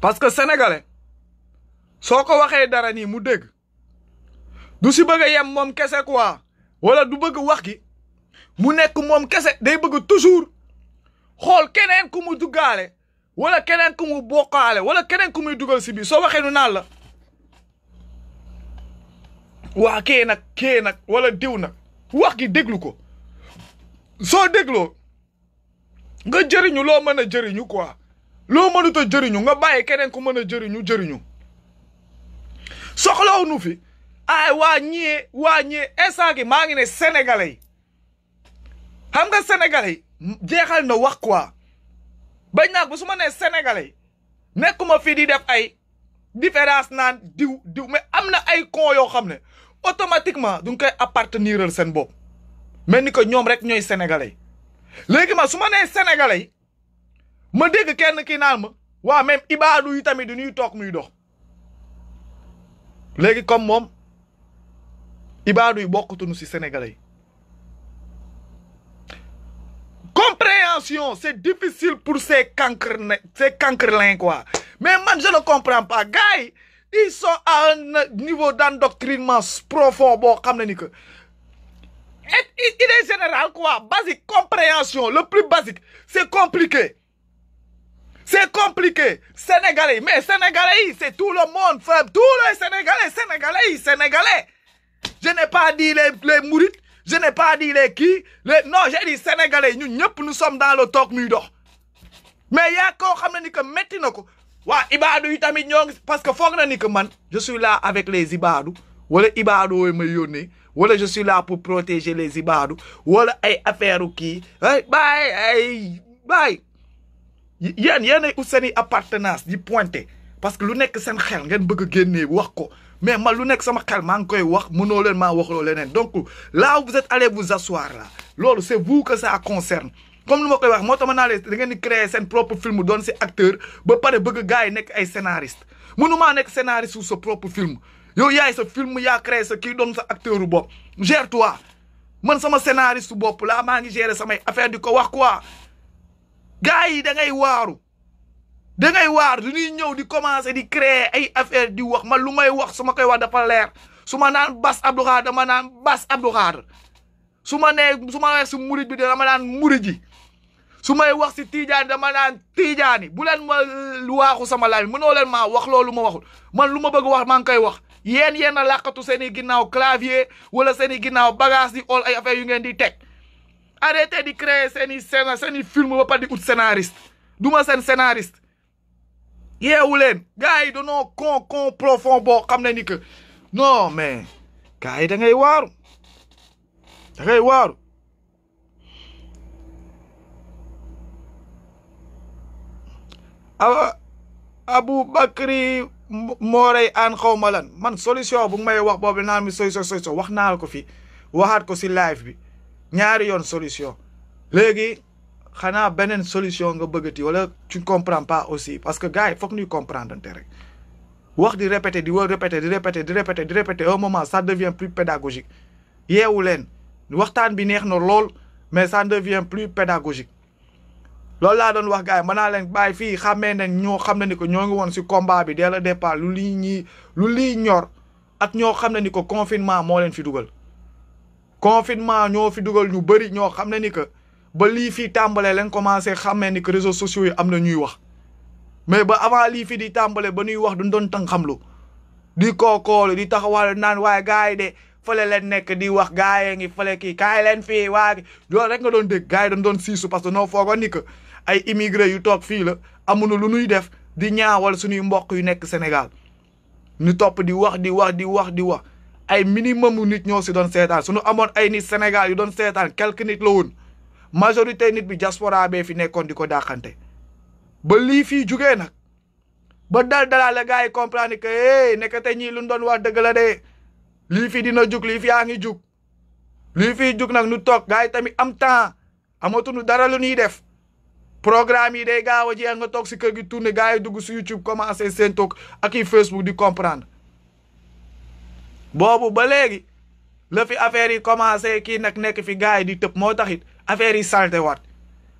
[SPEAKER 1] parce que sénégalais soo ko waxee dara nii mu dégg du si bëgg a moom kese quoi wala du bëgg wax gi mu nekk moom kese day bëgg toujours xool keneen ku mu duggaale wala keneen ku mu bokkaale wala keneen ku muy dugal si biir soo waxee nu naan la waa kee nag kee nag wala diw nag wax gi déglu ko soo dégloo nga jëriñu loo mën a jëriñu quoi loo mënut a jëriñu nga bàyyi keneen ku mën a jëriñu jëriñu soxlawu nu fi ay waa ñii waa ñii instant maa ngi ne sénégalais yi xam nga sénégalais jeexal na wax quoi bañ naa bu su ma nee sénégalais yi nekkuma fii di def ay différence naan diw diw mais am na ay con yoo xam ne automatiquement donc appartenir au sen Même ni que rek sénégalais légui ma suma né sénégalais ma dégg kenn ki naan ma même Iba yi tamit du ñuy muy dox comme mom Ibadou yi ci sénégalais compréhension c'est difficile pour ces quoi mais man je ne comprends pas gars ils sont à un niveau d'endoctrinement profond bon, comme le et il est général quoi basique compréhension le plus basique c'est compliqué c'est compliqué sénégalais mais sénégalais c'est tout le monde tous les sénégalais sénégalais sénégalais je n'ai pas dit les les je n'ai pas dit les qui, non j'ai dit sénégalais nous, nous sommes dans le talk muy mais il y a ni que maintenant, wa Ibadou, yi tamit ñoo parce que faut que ni que man je suis là avec les Ibadou. wala Ibadou est may voilà wala je suis là pour protéger les Ibadou. wala ay affaire u bye bye baay ay baay yéen yéen ay ut appartenance di pointé parce que lu nekk seen xel ngeen bëgg a génnee wax ko mais man lu nekk sama xel m'a ngi koy wax mënoo ma maa waxloo donc là vous êtes allé vous asseoir là loolu c'est vous que ça concerne comme lu ma koy wax moo tax ma naa da propre film doon si acteur ba pare bëgg gars yi nekk ay scénariste mënumaa nekk scénariste su sa propre film yow yaay sa film ya créé sa kii doon sa acteur bopp gère toi man sama scénariste bopp la maa ngi gérer samay affaire di ko wax quoi gars yi da ngay waaru da ngay waar du ñuy ñëw di commencer di créer ay affaire di wax man lu may wax su ma koy wax dafa leer Bas ma naan Bass Abdou Khadre dama naan Bass Abdou Khadre su su bi dama sumay wax ci Tidiane dama nan Tidiane bu leen ma euh, waxu sama laaj mënoo len ma wax loolu ma waxul man luma ma bëgg wax maa ngi koy wax yéen yéen a seni ginnaw clavier wala seni ginnaw bagage di all ay affaire yu ngeen di tek arrêtez di créer seni scène seni film ba pare di out scénariste duma sen scénariste yeewu leen gars yi danoo con con profond bo xamna ni que non mais gars da ngay waru da ngay waru Abu Bakri mooray an xawma lan man solution bu may wax bobu naan mi soy solution wax naa ko fi waxat ko ci live bi ñaari yon solution léegi xana benen solution nga bëggati wala tu comprends pas aussi parce que gars faut que nous comprendre rek wax di répéter di wol répéter di répéter di répéter di répéter un moment ça devient plus pédagogique yewulen waxtan bi neex na lol mais ça devient plus pédagogique loolu laa doon wax gars yi mën naa leen bàyyi fii xàmmee nañ ñoo xam ne ni ko ñoo ngi woon si combat bi dès le départ lu lii ñii lu lii ñor ak ñoo xam ne ni ko confinement moo leen fi dugal confinement ñoo fi dugal ñu bëri ñoo xam ne ni que ba lii fii tàmbalee leen commencé xàmmee ni que réseau sociaux yi am na ñuy wax mais ba avant lii fii di tàmbale ba ñuy wax duñ doon tàng xam lu di kookoolu di taxawal naan waaye gars yi de fële leen nekk di wax gaa yi ngi fële kii kaa kaay leen fii waa loolu rek nga doon dégg dañ doon siisu parce que noo foogoon ni ay immigré yu toog fii la amunu lu nuy def di ñaaw ñaawal suñuy mboq yu nekk Sénégal ñu topp di wax di wax di wax di wax ay minimum nit ñoo si doon seetaan suñu amoon ay nit Sénégal yu doon seetaan quelque nit la woon majorité nit bi diaspora fi nekkoon di ko dàqante ba lii fii jugee nag ba dal dalaa la gars yi comprendre que hey nekkate ñii lu doon waa dëgg la de lii fii dina jug lii fi yaa ngi jug lii fii jug nag nu toog gaay tamit am temps amatuñu dara lu ñuy def programme yi dey gaaw a jeex nga toog si kër gi tourné gars yi dugg si YouTube commencé seen toog ak i Facebook di comprendre boobu ba léegi la fi affaire yi commencé kii nag nekk fi gars yi di tëb moo tax it affaire yi salte waat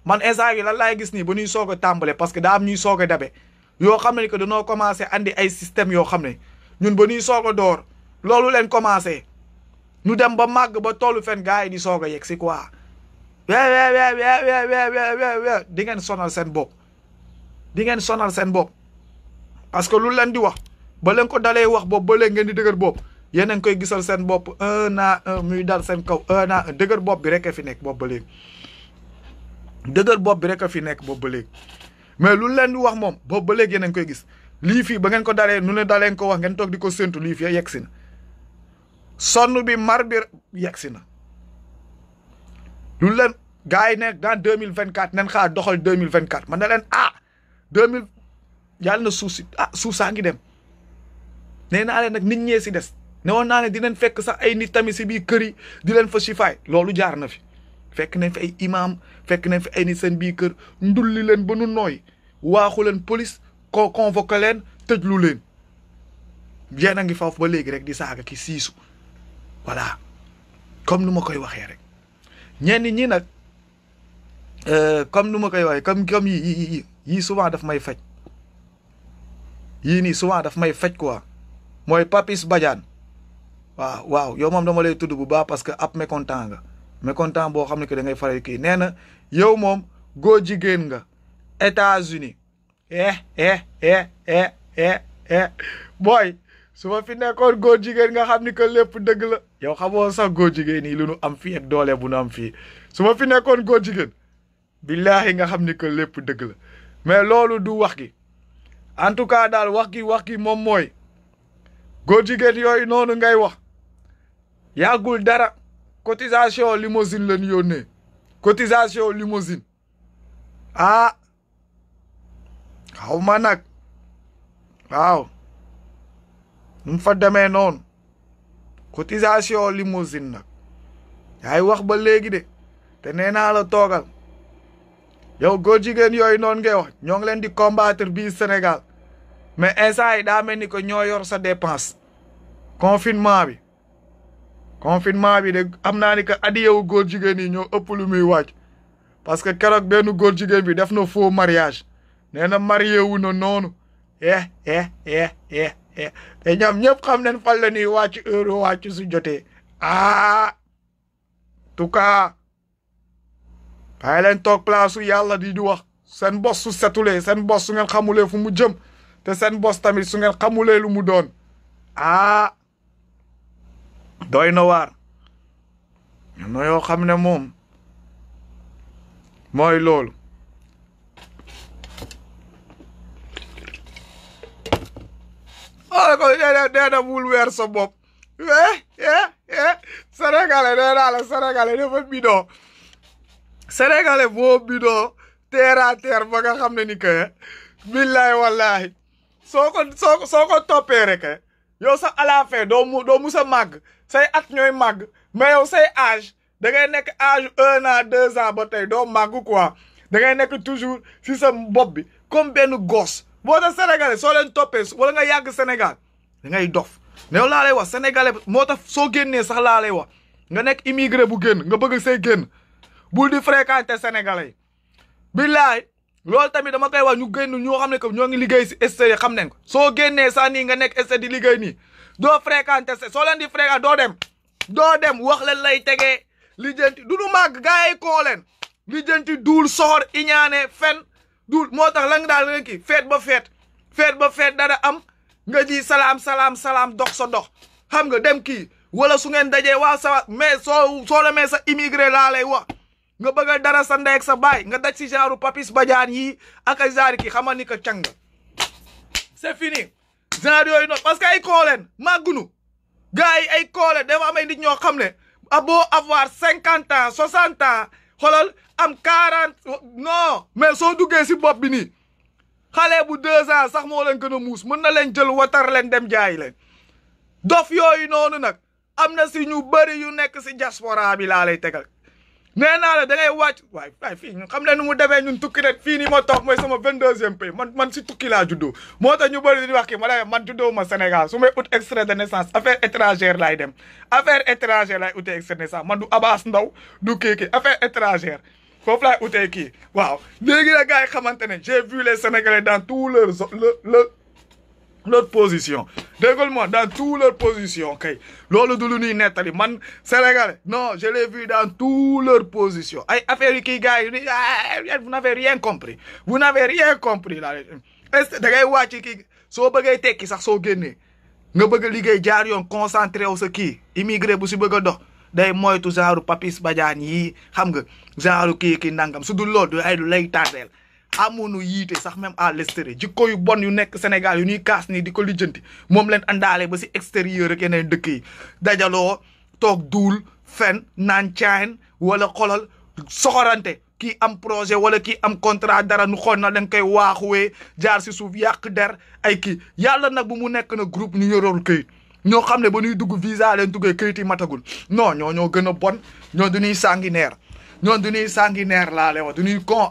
[SPEAKER 1] man instant yi lan laay gis nii ba ñuy soog a tàmbale parce que daa am ñuy soog a dabe yoo xam ne que danoo commencé andi ay système yoo xam ne ñun ba ñuy soog a door loolu leen commencé ñu dem ba màgg ba tollu fenn gars yi di soog a yegg si quoi di ngeen sonal seen bopp di ngeen sonal seen bopp parce que lu leen di wax ba leen ko dalee wax boobu ba leen ngeen di dëgër bopp yéen a ngi koy gisal seen bopp un à un muy dal seen kaw un à un dëgër bopp bi rek a fi nekk boobu ba léegi dëgër bopp bi rek a fi nekk boobu ba gis lii fii ba ngeen ko dalee nu ne daleen ko wax ngeen toog di ko séntu lii fii yegg si bi mar bi lu leen gars yi ne dans deux mille vingt quatre nen xaar doxal deux mille vingt quatre man na leen ah deux mille yàlla na suuf si ah suuf saa ngi dem nee naa leen nag nit ñee si des ne woon naa ne dinañ fekk sax ay nit tamit si bii kër yi di leen fa sifaay loolu jaar na fi fekk nañ fi ay imam fekk nañ fi ay nit seen biir kër ndulli leen ba nu nooy waaxu leen police ko convoqué leen tëjlu leen yéen a ngi foofu ba léegi rek di saaga ki siisu voilà comme nu ma koy waxee rek ñenn ñi nag euh, comme nu ma koy waxee comme comme yi yii souvent daf may faj yii nii souvent daf may faj quoi mooy Papis Badiane waaw waaw yow moom dama lay tudd bu baax parce que ab mécontent nga mécontent boo xam ne que dangay ngay kii nee na yow moom góor jigéen nga états uni eh, eh eh eh eh eh booy su ma fi nekkoon góor jigéen nga xam ni que lépp dëgg la yow xamoo sax góor jigéen yi lu nu am fii ak doole bu nu am fii su ma fi nekkoon góor jigéen billaahi nga xam ni que lépp dëgg la mais loolu du wax gi en tout cas daal wax gi wax gi moom mooy góor jigéen yooyu noonu ngay wax yàggul dara cotisation limousine la ñu yónnee cotisation limousine ah xaw ma nag aaw nu fa demee noonu. cotisation limousine nag yaay wax ba léegi de te nee naa la toogal yow góor jigéen yooyu noonu ngay wax ñoo ngi leen di combattre bii Sénégal mais instant yi daa mel ni que ñoo yor sa dépense confinement bi confinement bi de am naa ni que adiyewu góor jigéen yi ñoo ëpp lu muy wàcc parce que keroog benn góor jigéen bi def na faux mariage nee na marié wu na noonu eh eh eh eh te eh, eh, ñam ñëpp xam nañ fan la ñuy wàcc heure wàcc su jotee aa ah, tuka cas leen toog place su yàlla di di wax seen bos su setulee seen bos su ngeen xamulee fu mu jëm te seen bos tamit su ngeen xamulee lu mu doon ah doy na waar ñun yoo xam ne moom mooy loolu xoolal ko nee na bul weer sa bopp eh eh eh sénégalais nee naa la sénégalais dafa bidon sénégalais boo bidon terre à terre ba nga xam ne ni que billahi wallahi soo ko soo ko toppee rek yow sa à la doo musa màgg say at ñooy màgg mais yow say âge da ngay nekk âge un an deux ans ba tey doo màgg quoi da nekk toujours si sa bopp bi comme benn gosse. boo tax sénégalais soo leen toppee wala nga yàgg Sénégal da ngay dof ne yow laa lay wax sénégalais moo tax soo génnee sax laa lay nga nekk immigré bu génn nga bëgg say génn bu di fréquenter sénégalais billaay loolu tamit dama koy wax ñu génn ñoo xam ne que ñoo ngi liggéey si stade xam nañ ko soo génnee sax nii nga nekk ese di liggéey nii doo fréquenter soo leen di fréquenter doo dem doo dem wax leen lay tegee lijjanti du nu màgg gars yi koo leen lijjanti duul soxor iñaane fen duul moo tax la nga daal rek ki feet ba feet feet ba feet dara am nga ji salaam salaam salaam dox sa dox xam nga dem kii wala su ngeen dajee waa sa mais soo soo demee sa immigré laa lay wax nga bëgg dara sa ndey sa baay nga daj si genre papis bajaan yii ak ay genre xam xamal ni que càng c'est fini genre yooyu noonu parce que ay kooleen màggunu gars yi ay kooleen dafa am ay nit ñoo xam ne a ah, boo avoir cinquante ans soixante ans am quarante non mais soo duggee si bopp bi nii xale bu deux ans sax moo leen gën a muus mën na leen jël watar leen dem jaay leen dof yooyu noonu nag am na si ñu bëri ñu nekk si diaspora bi laa lay tegal nee naa la da ngay wàcc waay waay fii xam ne nu mu demee ñun tukki rek fii nii ma toog mooy sama vingt deuxième pays man man si tukki laa juddoo moo tax ñu bëri di wax ki ma ne man juddoo ma Sénégal su may ut extrait de naissance affaire étrangère laay dem affaire étrangère laay uti extrait de man du Abass Ndao du kii kii affaire foofu laay utee waaw la gars yi xamante j'ai vu les sénégalais dans tout leur le leur position déggal moi dans tout leur position kay loolu du lu ñuy nettali man sénégalais non je l'ai vu dans tout leur position ay affaire yi kii gars yi ah, vous n'avez rien compris vous n'avez rien compris là. est ce da ngay wàcc kii soo bëggee tekki sax soo génnee nga bëgg liggéey jaar yoon concentré wu ce qui immigré bu si bëgg day moytu genre papis badiane yi xam nga genre kii kii nangam su dul loo du ay du lay tardeel amoonu yiite sax même à l'extérieur jikko yu bon yu nekk Sénégal yu ñuy kaas ni di ko lijjanti moom leen àndaale ba si extérieur ak yeneen dëkk yi dajaloo toog duul fen naan caayin wala xolal soxorante kii am projet wala kii am contrat dara nu xool na leen koy waaxuwee jaar si suuf yàq der ay kii yàlla nag bu mu nekk na groupe ñu yorul këyit ñoo xam ne ba ñuy dugg visa leen duggee kayit yi matagul non ñoo ñoo gën a bon ñoo du ñuy neer ñoo du ñuy sanguinaire laa lay wax du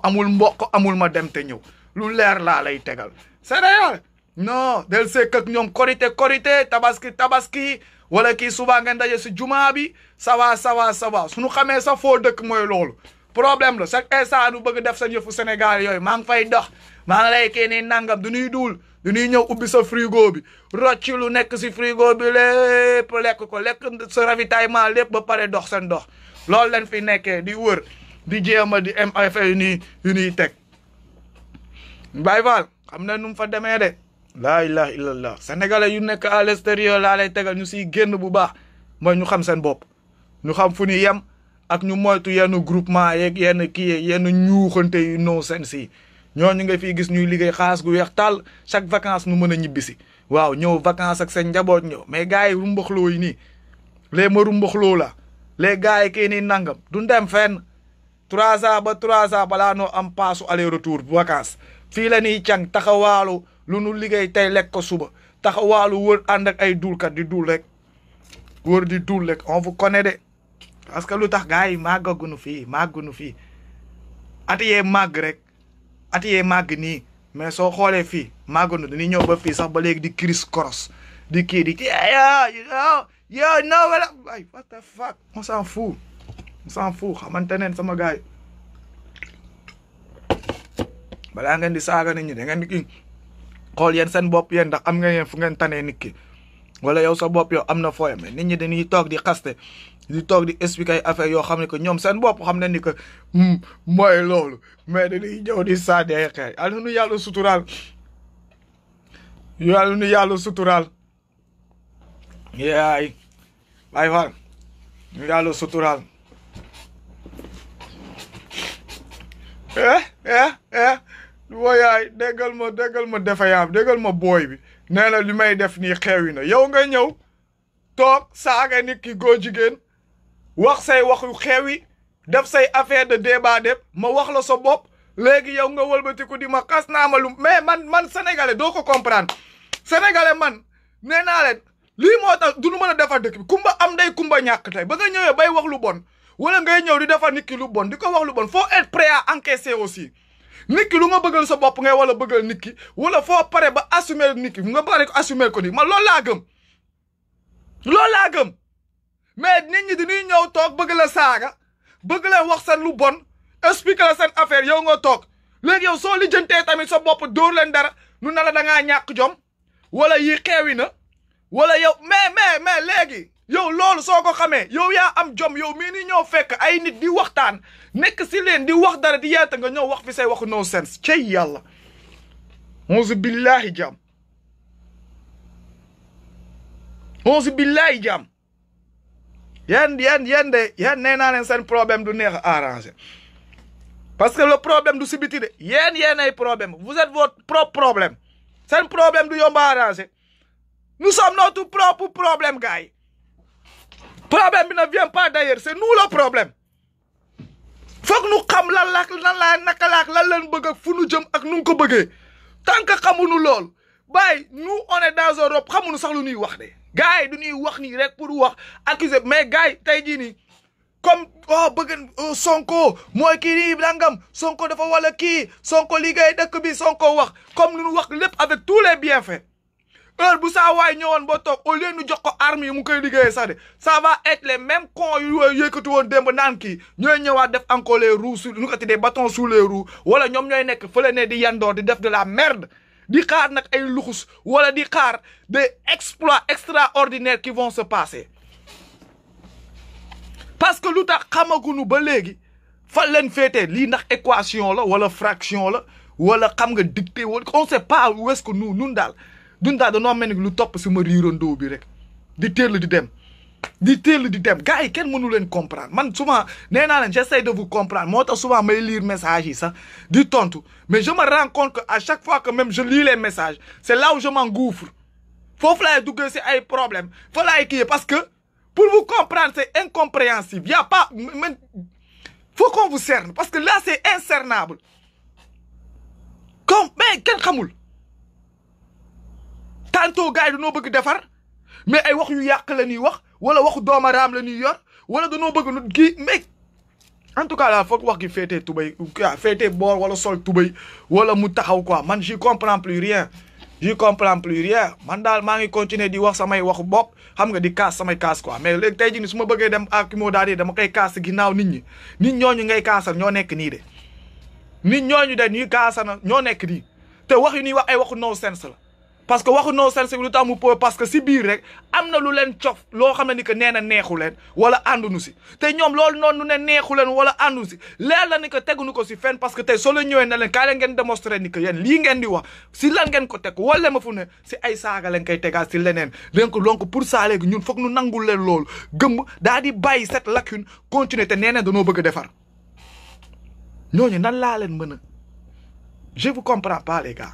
[SPEAKER 1] amul mbokk amul ma dem te ñëw lu leer laa lay tegal Sénégal non del sekk ak ñoom korité korité tabaski tabaski wala kii suba ngeen daje si jumaa bi sawa sawa su suñu xamee sa foo dëkk mooy loolu problème la chaque instant nu bëgg def seen yëfu Sénégal yooyu maa ngi fay dox maa ngi lay kii nii nangam du ñuy duul dañuy ñëw ubbi sa frigo bi rocci lu nekk si frigo bi lépp lekk ko lekk sa ravitaillement lépp ba pare dox seen dox loolu leen fi nekkee di wër di jéem a di am affaire yu ñuy teg Baye Fall xam na nu mu fa demee de laa ilaha illallah sénégalais yu nekk à l'extérieur laa lay tegal ñu si génn bu baax mooy ñu xam seen bopp ñu xam fu ni yem ak ñu moytu yenn groupement yeeg yenn kii yenn ñuuxante yu non si ñooñu nga fiy gis ñuy liggéey xaas gu weex tàll chaque vacance nu mën a ñibbisi waaw ñëw vacance ak seen njaboot ñëw mais gars yi rumbaxloo yi nii les ma rumbaxloo la les gars yi kii nii nangam du dem fenn trois ans ba trois ans balaa noo am paasu aller retour vacance fii la ñuy càng taxawaalu lu nu liggéey tey lekk ko suba taxawaalu wër ànd ak ay duulkat di duul rek wër di duul rek on vous connaît de parce que lu tax gars yi màggagunu fii màggunu fii at yee màgg rek Ati màgg nii mais soo fi fii no dañuy ñow ba fi sax ba léegi di crise cross di ki di yo yo yo no wala ay what the fuck on s'en fout on s'en fout xamantene sama gaay bala ngeen di saga nit ñi da ngeen di xol yeen sen bop yeen ndax am ngeen fu ngeen tané nit ki wala yow sa bop yow am na nit ñi dañuy tok di xaste di toog di expliquer ay yoo xam ne que ñoom seen bopp xam ne ni que hmm, mooy loolu mais dañuy ñëw di sànni ay xeer yàlla nu yàlla suturaal yàlla nu yàlla suturaal yaay bàyyi far nu yàlla suturaal eh eh, eh yaay déggal ma déggal ma defayaam déggal ma booy bi nee na li may def nii yi na yow nga ñëw toog saaga nit ki góor wax say wax yu xewi def say affaire de débat def ma wax la sa bop légui yow nga ko di ma xas naa ma lu mais man man sénégalais doko ko comprendre sénégalais man nee naa leen lii moo tax du nu mëna défar dëkk bi kumba am day kumba ñak tay ba nga ñëwé bay wax lu bon wala ngay ñëw di défar nit ki lu bon di wax lu bon faut être prêt à encaisser aussi nit ki lu nga bëggal sa bop ngay wala bëggal nit ki wala faut paré ba assumer nit ki nga paré ko assumer ko ni ma lool la gëm lool la gëm mais nit ñi dañuy ñëw toog bëgg la saaga bëgg la wax seen lu bon expliquer la seen affaire yow nga toog léegi yow soo lijjantee tamit sa bopp dóor leen dara nu nala la ñàkk jom wala yi xeewi na wala yow mais mais mais léegi yow loolu soo ko xamee yow yaa am jom yow mii ni ñëw fekk ay nit di waxtaan nekk si leen di wax dara di yeeta nga ñëw wax fi say waxu no sense cey yàlla onze billahi jaam onze jaam Il y a de yéen nee naa problème du parce que le problème du sibiti de y a ay problème vous êtes votre propre problème un problème du yomba pas arrangé nous sommes notre propre problème gars Le problème ne vient pas d'ailleurs c'est nous le problème Il que nous lan la lan des nakalaak lan tant que nous nous on est dans Europe nous sax lu ñuy wax gars yi du ñuy wax nii rek pour wax accuser mais gars yi tey jii nii comme oh, bëgg euh, Sonko mooy kii nii langam Sonko dafa wala kii Sonko liggéey dëkk bi Sonko wax comme lu ñu wax lépp avec tous les bienfaits heure bu saa waay ñëwoon ba toog au lieu ñu jox ko armes yi mu koy liggéeyee sax de ça va être les mêmes cons yu yëkkati woon démb naan kii ñooy ñëwaat def encore les roues su ñu ko tuddee bâton sous les wala ñoom ñooy nekk fële ne di yandoor di def de la merde di xaar nag ay luxus wala di xaar des exploits extraordinaires qui vont se passer parce que lu tax xamaguñu ba léegi fan leen féetee lii ndax équation la wala fraction la wala xam nga dictée wala on sait pas où est-ce que nun daal nun daal danoo mel lu topp suma riirandoo bi rek di teel di dem di teel di dem gars yi kenn mënu leen comprendre man souvent nee naa j'essaie de vous comprendre moo tax souvent may lire messages yi sax tontu mais je me rends compte que à chaque fois que même je lis les messages c'est là où je m'engouffre foofu laay duggee si ay problème fa laay kii parce que pour vous comprendre c'est incompréhensible y a pas man faut qu'on vous cerne parce que là c'est incernable comme mais kenn xamul tantôt gars yi dañoo bëgg defar mais ay wax yu yàq la ñuy wax wala waxu doomaraam la ni yor wala danoo bëgg nu gi mais en tout cas daal foog wax gi féetee tubay féetee boor wala sol tubay wala mu taxaw quoi man j'y comprends plus rien j'y comprends plus man daal maa ngi continuer di wax samay waxu bopp xam nga di kaas samay kaas quoi mais léegi tey jii ni su ma bëggee dem ak moo daal di dama koy kaas ginnaaw nit ñi nit ñooñu ngay kaasal ñoo nekk nii de nit ñooñu de ñuy kaasal ñoo nekk nii te wax yu ñuy wax ay waxu no sense la parce que waxuñoo Sénégal lu tax mu po parce que si bir rek am lu len cof lo ni que neexu wala àndunu si te nyom l'ol non ne neexu len wala àndunu si leer la ni que teguñu ko ci fen parce que tey solo ñewé na len leen ngeen démontrer ni que yeen li ngeen di wax si lan ngeen ko teg wala ma fu si ay saga leen koy tegaat ci lenen donc donc pour ça léegi ñun fokk nu nangul leen di lacune continuer te na bëgg défar ñoo je vous comprends pas les gars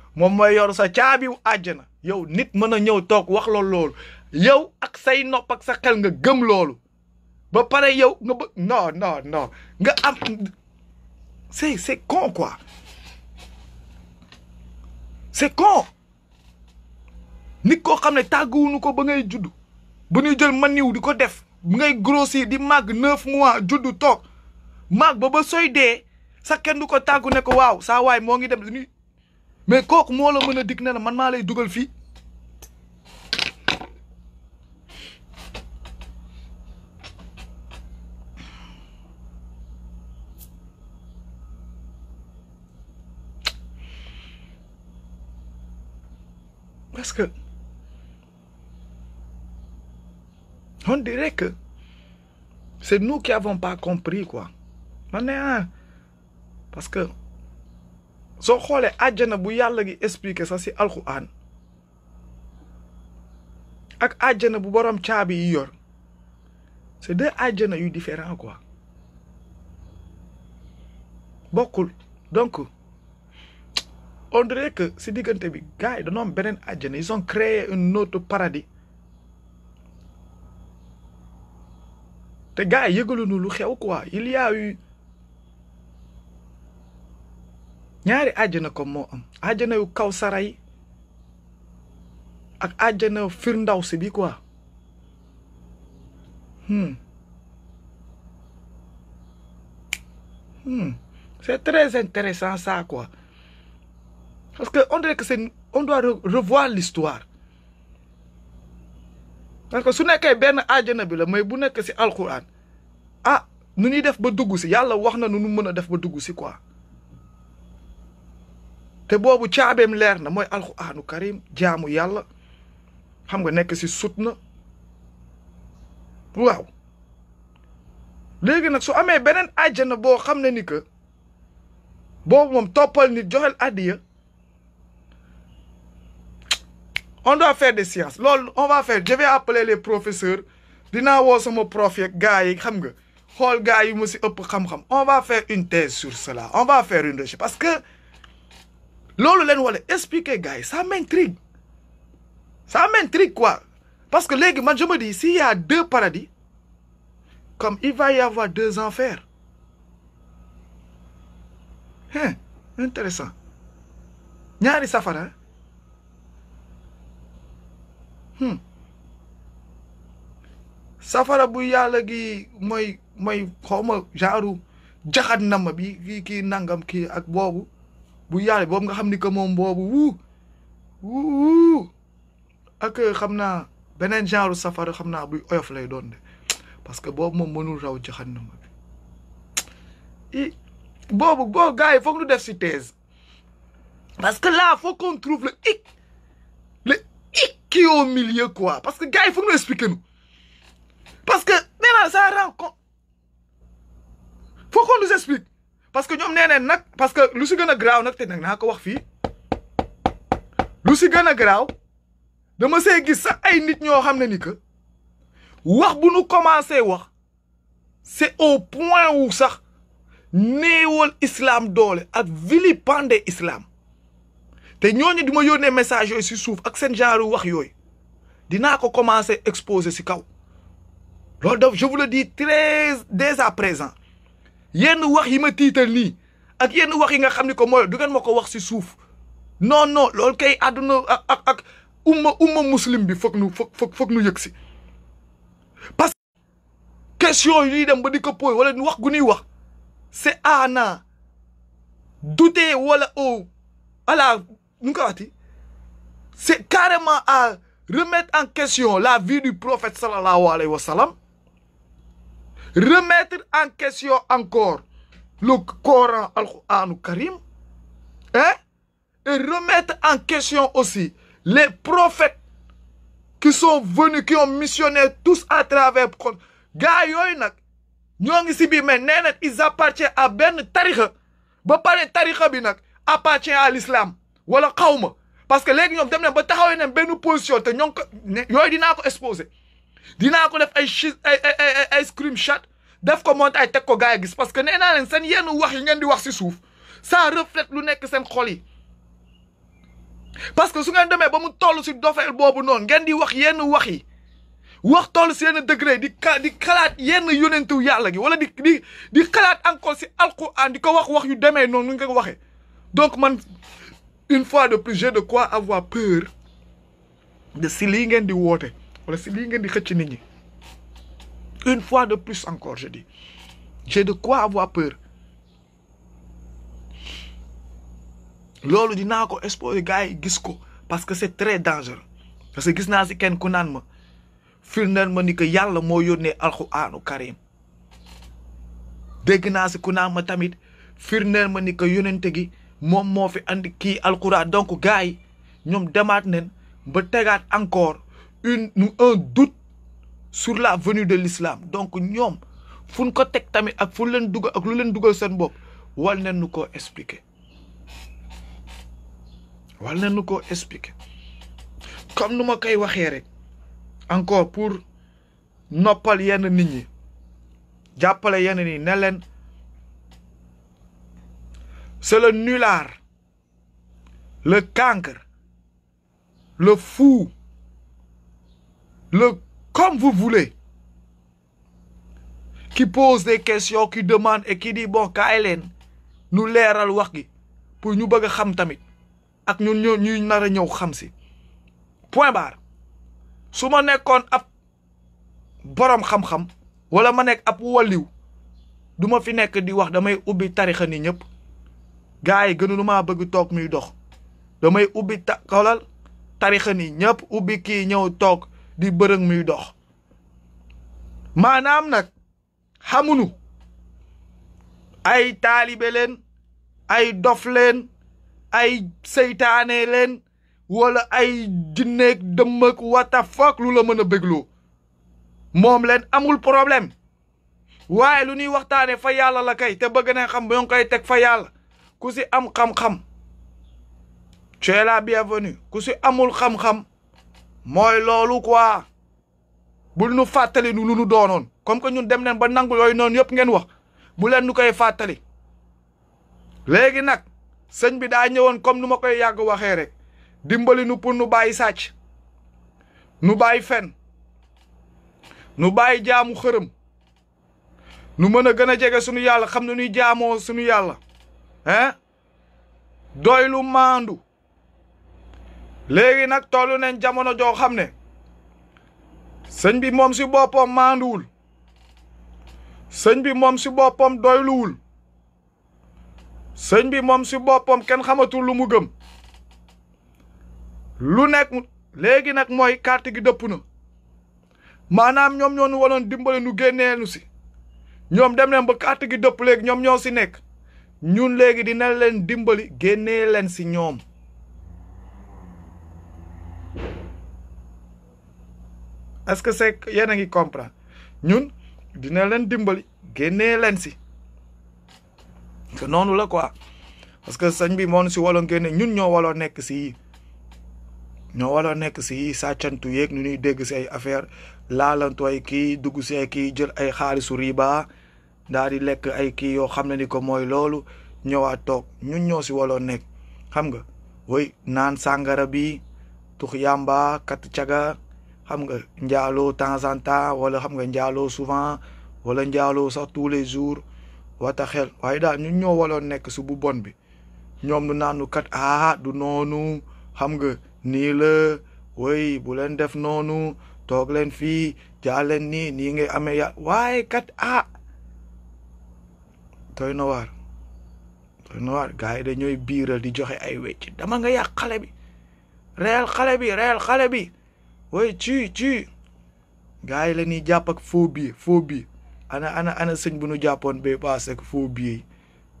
[SPEAKER 1] moom mooy yor sa caabiw na yow nit mën a ñëw toog wax la loolu yow ak say nopp ak sa xel nga gëm loolu ba pare yow nga bëgg non non nga am c'est c'est con quoi nit koo xam ne tàgguwuñu ko ba ngay judd bu ñuy jël ma maniw di ko def ngay grossir di màgg neuf mois judd toog màgg ba ba sooy dee sa kenn du ko tàggu ne ko waaw saa waay moo ngi dem mais quoi que la meuna a na man ma lay parce que on dirait que c'est nous qui avons pas compris quoi Maintenant... parce que soo xoolee àjjana bu yalla gi expliquer ça ci alquran ak àjjana bu borom caabi yi yor c'est deux àjjana yu différent quoi bokul donc on dirait que si diggante bi gaay da dañoo benen beneen ils ont créé un autre paradis te gaay yi lu xew quoi il y a eu ñaari àjjana ko moo am àjjana yu kaw saray ak àjjana firndaw sibi bi quoi hmm hmm c'est très intéressant ça quoi parce que on dirait que c'est on doit revoir l'histoire parce que su nekkee benn àjjana bi la mais bu nekk si alxuraan ah nu ñuy def ba dugg si yàlla wax na nu nu mën a def ba dugg si quoi te bobu caabeem leer na moy alquraanu karim jaamu yalla xam nga nekk si sutna waaw léegi nak su amé benen aljana bo xamné ni que bobu mom topal nit joxel adiya on doit faire des sciences lol on va faire je vais appeler les professeurs dina wo sama prof yeeg gaay xam nga xol gaay yu mu si ëpp xam-xam on va faire une thèse sur cela on va faire une recherche parce que Lolo len ça m'intrigue ça m'intrigue quoi parce que je me dis s'il y a deux paradis comme il va y avoir deux enfers hein intéressant ñaari safara Hum. safara bu yàlla gi qui moi, je bi nangam je bu faut je nga comme que moom boobu wuu des ak parce que boobu moom raw bon gars thèse parce que là faut qu'on trouve le hic le hic qui est au milieu quoi parce que gars il faut nous expliquer nous parce que maintenant, ça rend faut qu'on nous explique parce que nous, sommes nak parce que lu ci gëna a nak té nak nag wax fi lu dama bu c'est au point où sax islam doole ak vilipendé islam té nous, nous, nous message ak genre wax ko commencé exposer ce kaw je vous le dis très dès à présent yenn wax a ma tiital nii ak yenn wax yi nga xam ko mooy du ma non non kay ak umma muslim bi nu nu parce que question yi dem ba di ko pooy wala wax c'est wala ala c'est carrément à remettre en question la vie du prophète sallallahu alayhi wa sallam remettre en question encore le Coran Al-Quran Karim hein? et remettre en question aussi les prophètes qui sont venus, qui ont missionné tous à travers. Gars, ils appartiennent à Ben Tariqa. ba pare appartient à l'islam parce que les gens dem na ba taxawee une position ils ont été exposés. dinaa ko def ay chi ay ay ay screenshot def ko monté ay teg ko gars yi gis parce que nee naa leen seen yenn wax yi ngeen di wax si suuf saa reflète lu nekk seen xol yi. parce que su ngeen demee ba mu toll si dofeel boobu noonu ngeen di wax yenn wax yi wax toll si yenn degré di di xalaat yenn yonentu yàlla gi wala di di di xalaat encore si alquran di ko wax wax yu demee noonu nu nga waxee donc man une fois de plus j'ai de quoi avoir peur de si lii ngeen di woote. wala si ngeen di xëcc nit ñi une fois de plus encore je dis j'ai de quoi avoir peur loolu dinaa ko exposer gars yi gis ko parce que c'est très dangereux parce que gis naa si kenn ku naan ma firndeel ma ni que yàlla moo yónnee alxuraanu karim dégg naa si ku naan ma tamit firndeel ma ni que yónnente gi moom moo fi andi kii donc gars yi ñoom demaat ba tegaat encore une nous un doute sur la venue de l'islam donc ñoom fu ñu ko teg tamit ak fu leen dugal ak lu leen dugal seen bopp wal nen expliquer wal nen expliquer comme nous ma koy encore pour noppal yenn nit ñi yenn ni c'est le nulard le cancer le fou le comme vous voulez, qui pose des questions, qui demande et qui dit bon kaay nous ñu wax pour nous bëgg tamit ak ñun nous ñuy nar point barre ap xam-xam wala ma nekk ap duma fi nekk di wax damay Ubi tarixa ni ñëpp gaay Je gënu bëgg tok muy dox di bërëg muy dox maanaam nag xamuñu ay taalibe leen ay dof leen ay seytaane leen wala ay jinneeg dëmmëg what the lu la mën a bégloo moom leen amul problème waaye lu ñuy waxtaane fa yàlla la kay te bëgg na xam ba ngi koy teg fa yàlla ku si am xam-xam tu es la ku si amul xam-xam mooy loolu quoi bu nu fàttali nu lu nu doonoon comme que ñun dem neen ba nangu yooyu noonu yëpp ngeen wax bu leen nu koy fàttali léegi nag sëñ bi daa ñëwoon comme nu ma koy yàgg waxee rek dimbali nu pour nu bàyyi sàcc nu bàyyi fen nu bàyyi jaamu xërëm nu mën a gën a jege suñu yàlla xam ne nuy jaamoo suñu yàlla hein doy lu maandu léegi nag toll nañ jamono joo xam ne sëñ bi moom si boppam maanduwul sëñ bi moom si boppam doyluwul sëñ bi moom si boppam kenn xamatul lu mu gëm lu nekk léegi nag mooy carte gi dëpp na maanaam ñoom ñoo nu wanoon dimbale nu génneenu si ñoom dem leen ba carte gi dëpp ñoom ñoo si nekk ñun léegi dina leen dimbali génnee leen si ñoom est-ce que c'est yéen a ngi comprendre ñun dina leen dimbali génnee leen si que noonu la quoi parce que sañ bi moonu si waloon génne ñun ñoo waloo nekk si yi ñoo waloo nekk si yi sàccantu ñu ñuy dégg si ay affaire laalantooy kii dugg see kii jël ay xaalisu riba daal di lekk ay kii yoo xam ne ni ko mooy loolu ñëwaat toog ñun ñoo si waloo nekk xam nga woy naan sàngara bi tux yàmba kat caga xam nga njaaloo temps en temps wala xam nga njaaloo souvent wala njaaloo sax tous les jours wata xel waaye daal ñun ñoo waloon nekk su bu bon bi ñoom nu naanu kat ah du noonu xam nga nii la way bu leen def noonu toog leen fii jaa leen nii nii ngay amee waaye kat ah doy waar doy waar gars yi dañooy biiral di joxe ay wecc dama nga yàq xale bi reyal xale bi reyal xale bi way ci ci gars yi la ñuy jàpp ak phobie phobie ana ana ana sëñ bu nu jàppoon ba paase ak phobie yi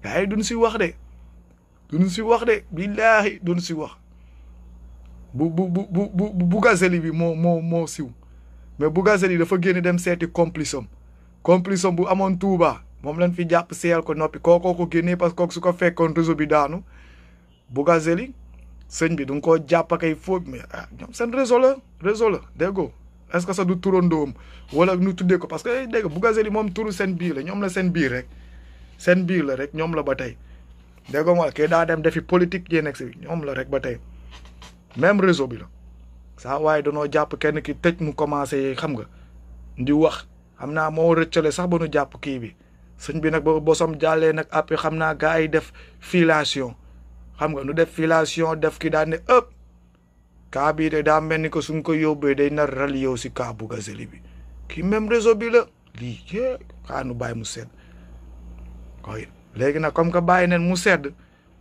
[SPEAKER 1] gars yi si wax de duñ si wax de billaahi duñ si wax bu bu bu bu bu Bougazelli bi moo moo moo siw mais Bougazelli dafa génn dem seeti complice am complice am bu amoon Touba moom lañ fi jàpp seeyal ko noppi kookoo ko génnee parce que su ko fekkoon réseau bi daanu bu Bougazelli sëñ bi du nga koo jàpp foog ay foofu mais ah ñoom seen réseau la réseau la est-ce que sax du turandoom wala nu tuddee ko parce que eh, dégg Bougazelli moom turu seen biir la ñoom la seen biir rek seen biir la rek ñoom la ba tey dégg nga kii daa dem defi politique yéen ak si ñoom la rek ba tey même réseau bi la saa waaye danoo jàpp kenn ki tëj mu commencé xam nga di wax xam naa moo rëccale sax ba nu jàpp kii bi sëñ bi nag ba bosom jàllee nag après xam naa gars yi def filation xam nga nu def filation def ki daan ne ëpp kaa bii de daa mel ni ko suñ ko yóbbee day nar ral yow si kaa bu Gazeli bi ki même réseau bi la lii yée xaa nu bàyyi mu sedd koy léegi nag comme que bàyyi neen mu sedd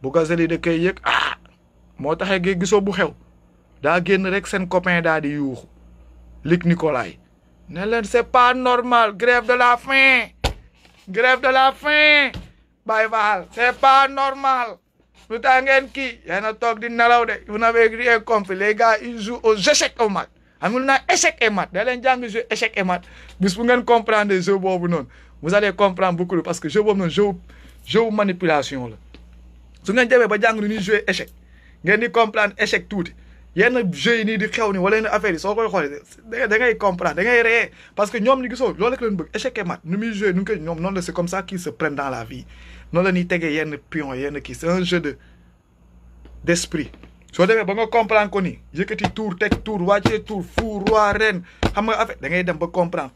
[SPEAKER 1] bu Gazeli da koy yëg ah moo taxee gi gisoo bu xew daa génn rek seen copain daa di yuuxu Luc Nicolaï ne leen pas normal grève de la faim grève de la faim bàyyi baal pas normal lu tax qui? kii yéen a toog di nelaw de vous n'avez rien compris les gars ils jouent aux échecs au mat Amoul n'a échec et mat da les jàng jeu échec et mat bis bu comprendre les jeux boobu non. vous allez comprendre beaucoup de parce que jeu vous noonu jeu jeu manipulation là. su ngeen demee ba jàng nu ñuy jouer échec ngeen di comprendre échec tout. yenn jeu yi nii di xew ni wala yenn affaire yi soo da ngay comprendre da ngay ree parce que nous sommes gisoo loolu la ko leen échec et mat nu muy jouer nu ngi la c'est comme ça qu'ils se prennent dans la vie non la ni yenn pion yenn c'est un jeu de d'esprit so demee ba comprendre ko Tu tour tek tour wàccee tour fou roi reine xam nga affaire da ngay dem ba comprendre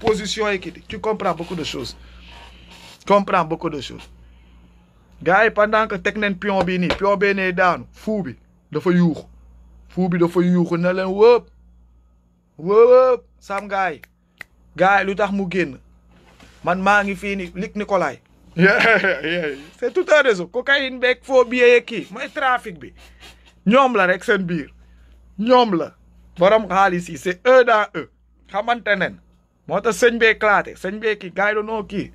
[SPEAKER 1] position tu comprends beaucoup de choses comprends beaucoup de choses gars pendant que tu pion bi pion Tu dan fou bi dafa fou bi sam gars gars lutax mu man ngi c' est tout un réseau cocaïne beeg foo biyee kii mooy trafic bi ñoom la rek seen biir ñoom la borom xaalis yi c' est dans eux xamante moo tax sëñ bee claate sëñ bee kii gars yi doonoo kii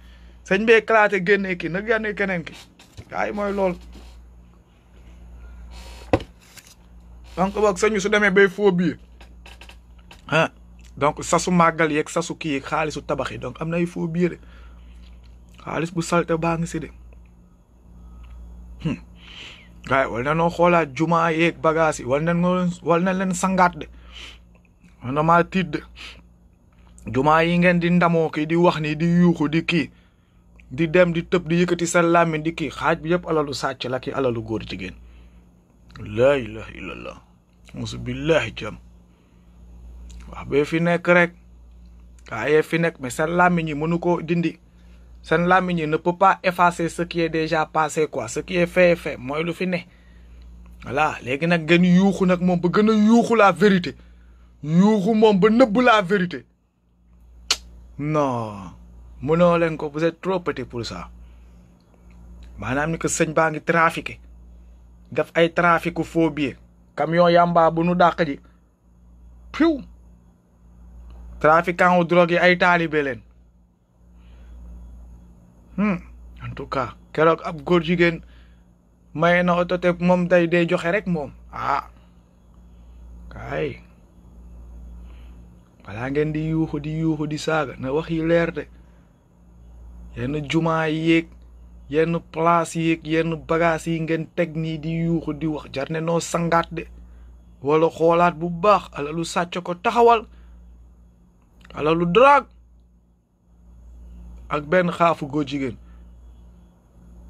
[SPEAKER 1] sëñ bee claate génnee kii na génne keneen ki gars mooy lool donc boog sëñ bi su demee bay foo biyee ah donc sasu màggal yeeg sasu kii yeeg xaalisu tabax yi donc am na ay foo biyee Haalis bang bangsi de hmm. Gaya, wala no xoolaat juma yek bagasi. wal nan wal nan len sangat de wal ma maa Juma de jumaa yi ngeen di ki di wax ni di yuuxu di ki. di dem di tep di yëkkati sa làmmiñ di ki. xaaj bi yëpp alalu sàcc la ki alalu gori jigéen la ilaha illallah musu billahi jam Wah be fi nek rek kaa fi nek me sa làmmiñ yi dindi seen la yi ne peut pas effacer ce qui est déjà passé quoi ce qui est fait est fait mooy lu fi ne voilà léegi nag ngeen yuuxu nak mom ba gën a yuuxu la vérité yuuxu mom ba neub la vérité non mënoo len ko vous êtes trop petit pour ça manam ni que sëñ baangi trafiquer daf ay traficu phobie camion yamba bu nu dàq ji piw trafiquant wu drogue ay talibé len hmm en tout cas keroog ab gor jigen may na oto te mom. day day joxe rek mom ah kay balaa ngeen di yuuxu di yuuxu di saga na wax yi leer de yenn jumaa yek yenn place yek yenn bagage yi ngeen teg ni di yuuxu di wax no sangat de wala xoolaat bu baax alalu sàcc ko taxawal alalu drag ak benn xaafu góor jigéen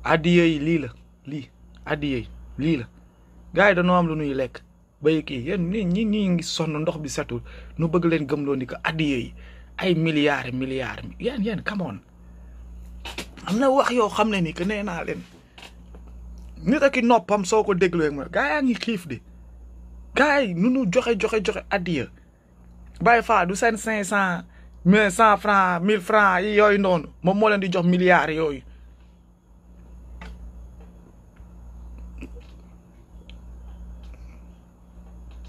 [SPEAKER 1] addiye yi lii la lii addiye yi lii la gars yi dañoo am lu nuy lekk bay kii yéen ñi ñi ñi ngi sonn ndox bi setul nu bëgg leen gëmloo ni que addiye ay milliards milliards yéen yéen come am na wax yoo xam ne ni que nee naa leen nit ak i noppam soo ko dégloo ma gars yaa ngi xiif de gars nu nu joxe joxe joxe addiya bàyyi faa du seen cinq cent mais cent franc mille franc yi yooyu noonu moom moo leen di jox milliards yooyu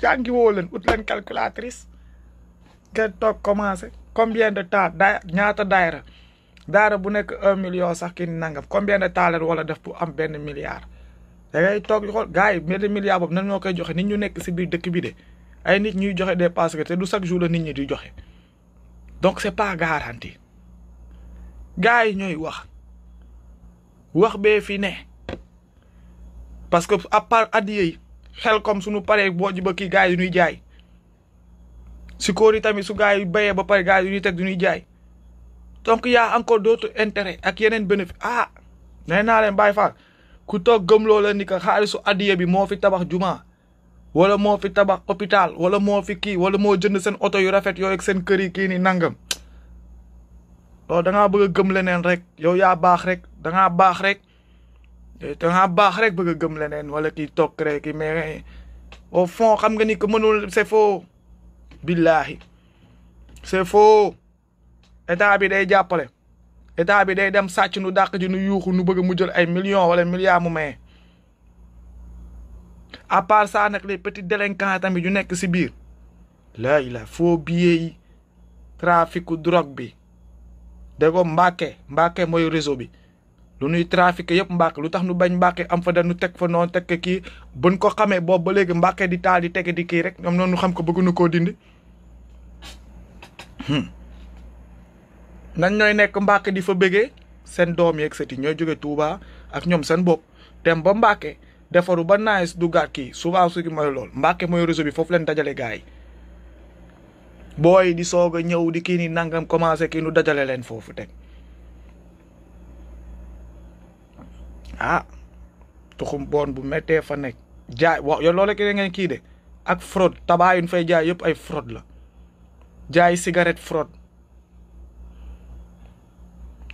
[SPEAKER 1] jàngi woo leen ut leen calculatrice ngeen toog commencé combien de temps da ñaata daayra daayra bu nekk un million sax ki nangam combien de temps leen wala def pour am benn milliard da ngay toog xool gars yi benn milliard boobu nan ñoo koy joxe nit ñu nekk si biir dëkk bi de ay nit ñuy joxe dépense te du chaque jour la nit ñi di joxe donc c'est pas garanti gars yi ñooy wax wax bee fi ne parce que à part addiya yi xel comme sunu paree boo ji ba kii gars yi ñuy jaay sikoor yi tamit su gars yi béyee ba pare gars yi ñuy teg du ñuy jaay donc y encore dootu intérêts ak yeneen bénéfice ah nee naa leen bàyyi faal ku toog gëmloo la ni que xaalisu addiya bi moo fi tabax jumaa wala moo fi tabax hôpital wala moo fi kii wala moo jënd seen oto yu rafet yoo ak seen kër yi kii ni nangam loolu da ngaa bëgg a gëm leneen rek yow yaa baax rek da baax rek da baax rek bëgg a gëm leneen wala kii toog rek mais au fond xam nga ni que mënul c'est faux billahi c'est fo état bi day jàppale état bi day dem sàcc nu dàq ji nu yuuxu nu bëgg mu jël ay millions wala milliards mu maye. à part ça nak les petits délinquants tamit yu nek ci biir la ila faux billets yi de drogue bi de ko mbàkke mbàkke moy réseau bi lu nuy trafic yépp mbàkke lutax tax nu bañ mbàkke am fa dañu tek fa non tek ki buñ ko xamé boobu ba légui mbàkke di tal di tek di ki rek ñom nonu xam ko bëgguñu ko dindi hmm. nan ñooy nek mbàkke di fa bëggee seen doom ak sëti ñoy joggé Touba ak ñom sen dem ba mbàkke defaru ba nice du gaat kii su ki mooy lool Mbàkke mooy réseau bi foofu leen dajale gars yi booy di soog a ñëw di kii nii nangam commencé kii nu dajale leen foofu teg ah tuxum boon bu mettee fa nekk jaay waaw yow loolu ngeen kii de ak fraude tabaay yu fay jaay yëpp ay fraude la jaay cigarette fraude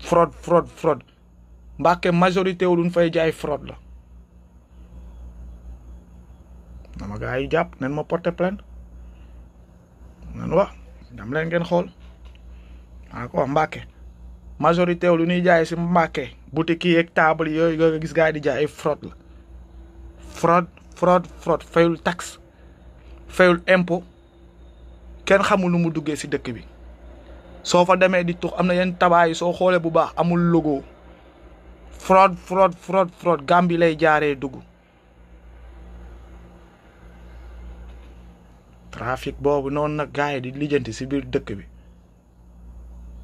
[SPEAKER 1] fraude fraude fraude Mbàkke majorité wu duñ fay jaay fraude la na ma gars yi jàpp nen ma porter plainte nan wax dam leen ngeen xool maa ko wax majorité lu ñuy jaay si Mbàkke boutique yi ak table yooyu nga gis gars yi di jaay ay fraude la fraude fraude fraude fayul fayul impôt kenn xamul nu mu duggee si dëkk bi soo fa demee di tux am na yenn tabac yi soo xoolee bu baax amul logo fraude fraude fraude fraude lay jaaree dugg trafic bobu non nak gaay di lijeenti ci biir dëkk bi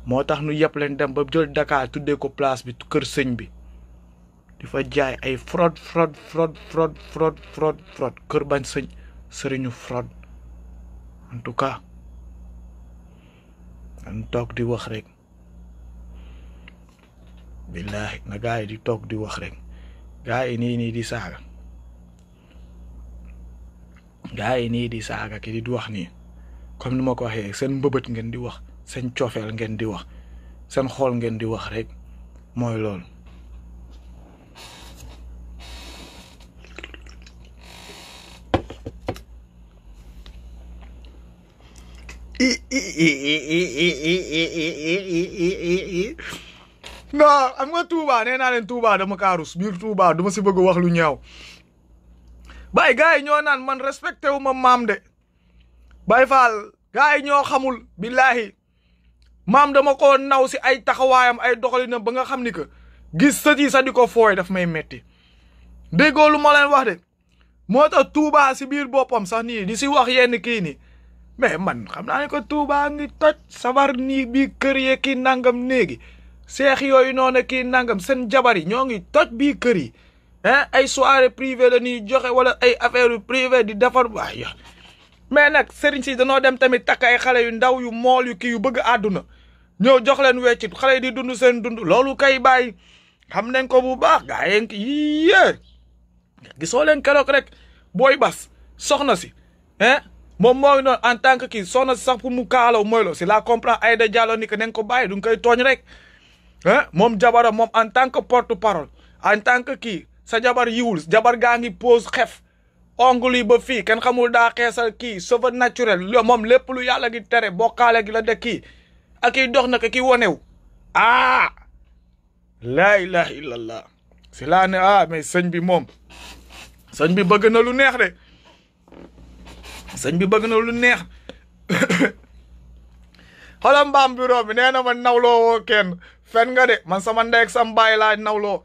[SPEAKER 1] motax nu yëpp leen dem ba jël Dakar tuddé ko place bi keur señ bi di fa jaay ay fraud, fraud, fraud, fraud, fraud, fraud. fraud keur bañ señ sëriñu fraud en tout cas en tok di wax rek billahi na gaay di tok di wax rek ini ni ni di saga gaay ni di saaga ki di wax ni comme ni ko waxe sen mbëbët ngeen di wax sen tiofel ngeen di wax sen xol ngeen di wax rek mooy loolu non am nga Touba nee naa Touba dama kaarus bir Touba dama si beug wax lu ñaaw Baye gars yi ñoo naan man respecté wu ma maam de Baye Fall gars yi ñoo xamul billahi maam dama ko naw si ay taxawaayam ay doxalinam ba nga xam ni que gis sa yi sax fooy daf may metti déggoo lu ma leen wax de moo tax Touba si biir boppam sax nii di si wax yenn kii nii mais man xam naa ne que Touba ngi toj sabar nii bii kër yee kii nangam néegi seex yooyu noonu kii nangam seen jabar yi ñoo ngi toj bii kër yi. ay soirée privée la ñuy joxe wala ay affaire privée di dafar wa yo ya. mais nak sëriñ ci dañu dem tamit tak ay xalé yu ndaw yu mol yu ki yu bëgg aduna ñëw jox leen wéccit xalé di dund seen dund lolu kay bay, xam nañ ko bu baax gisolen yéen krek, gisoo leen kérok rek boy bas soxna si hein muka mooy non en tant que ki soxna si sax pour mu kaalaw moy lo c'est la comprend da Diallo ni ko nañ ko bàyyi du nga koy rek hein mom jabaram mom en tant que porte parole en tant que ki sa jabar yiwul jabar gaa ngi poos xef ongle yi ba fii kenn xamul daa xeesal kii cheveux naturel moom lépp lu yàlla gi tere bokkaale gi la de kii ak kiy dox na ko ki wonew ah laa ilaha si laa ne ah mais sëñ bi moom sëñ bi bëgg na lu neex de sëñ bi bëgg na lu neex xoolal mbaam bureau bi nee na ma nawloo woo kenn fen nga de man sama ndey ak sam laa nawloo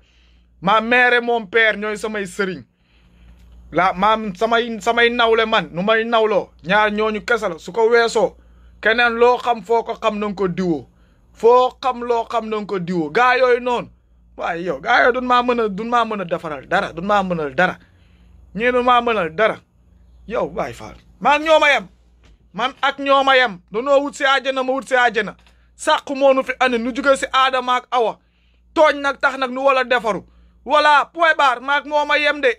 [SPEAKER 1] ma mère et mon père ñooy samay sëriñ la maam samay samay nawle man nu may nawloo ñaar ñooñu kese la su ko weesoo keneen loo xam foo ko xam na ko diwoo foo xam loo xam na nga ko diwoo gaa yooyu noonu waaye yow gaa yooyu dun maa mën a dun maa mën a defaral dara dun maa mënal dara ñii dun maa mënal dara yow Baay Faal man ñoo ma yem man ak ñoo ma yem danoo wut si àjjana ma wut si àjjana sàq moonu fi andi nu jugee si aadamaak ak awa tooñ nag tax nag nu wala defaru voilà point maak maag moo ma yem de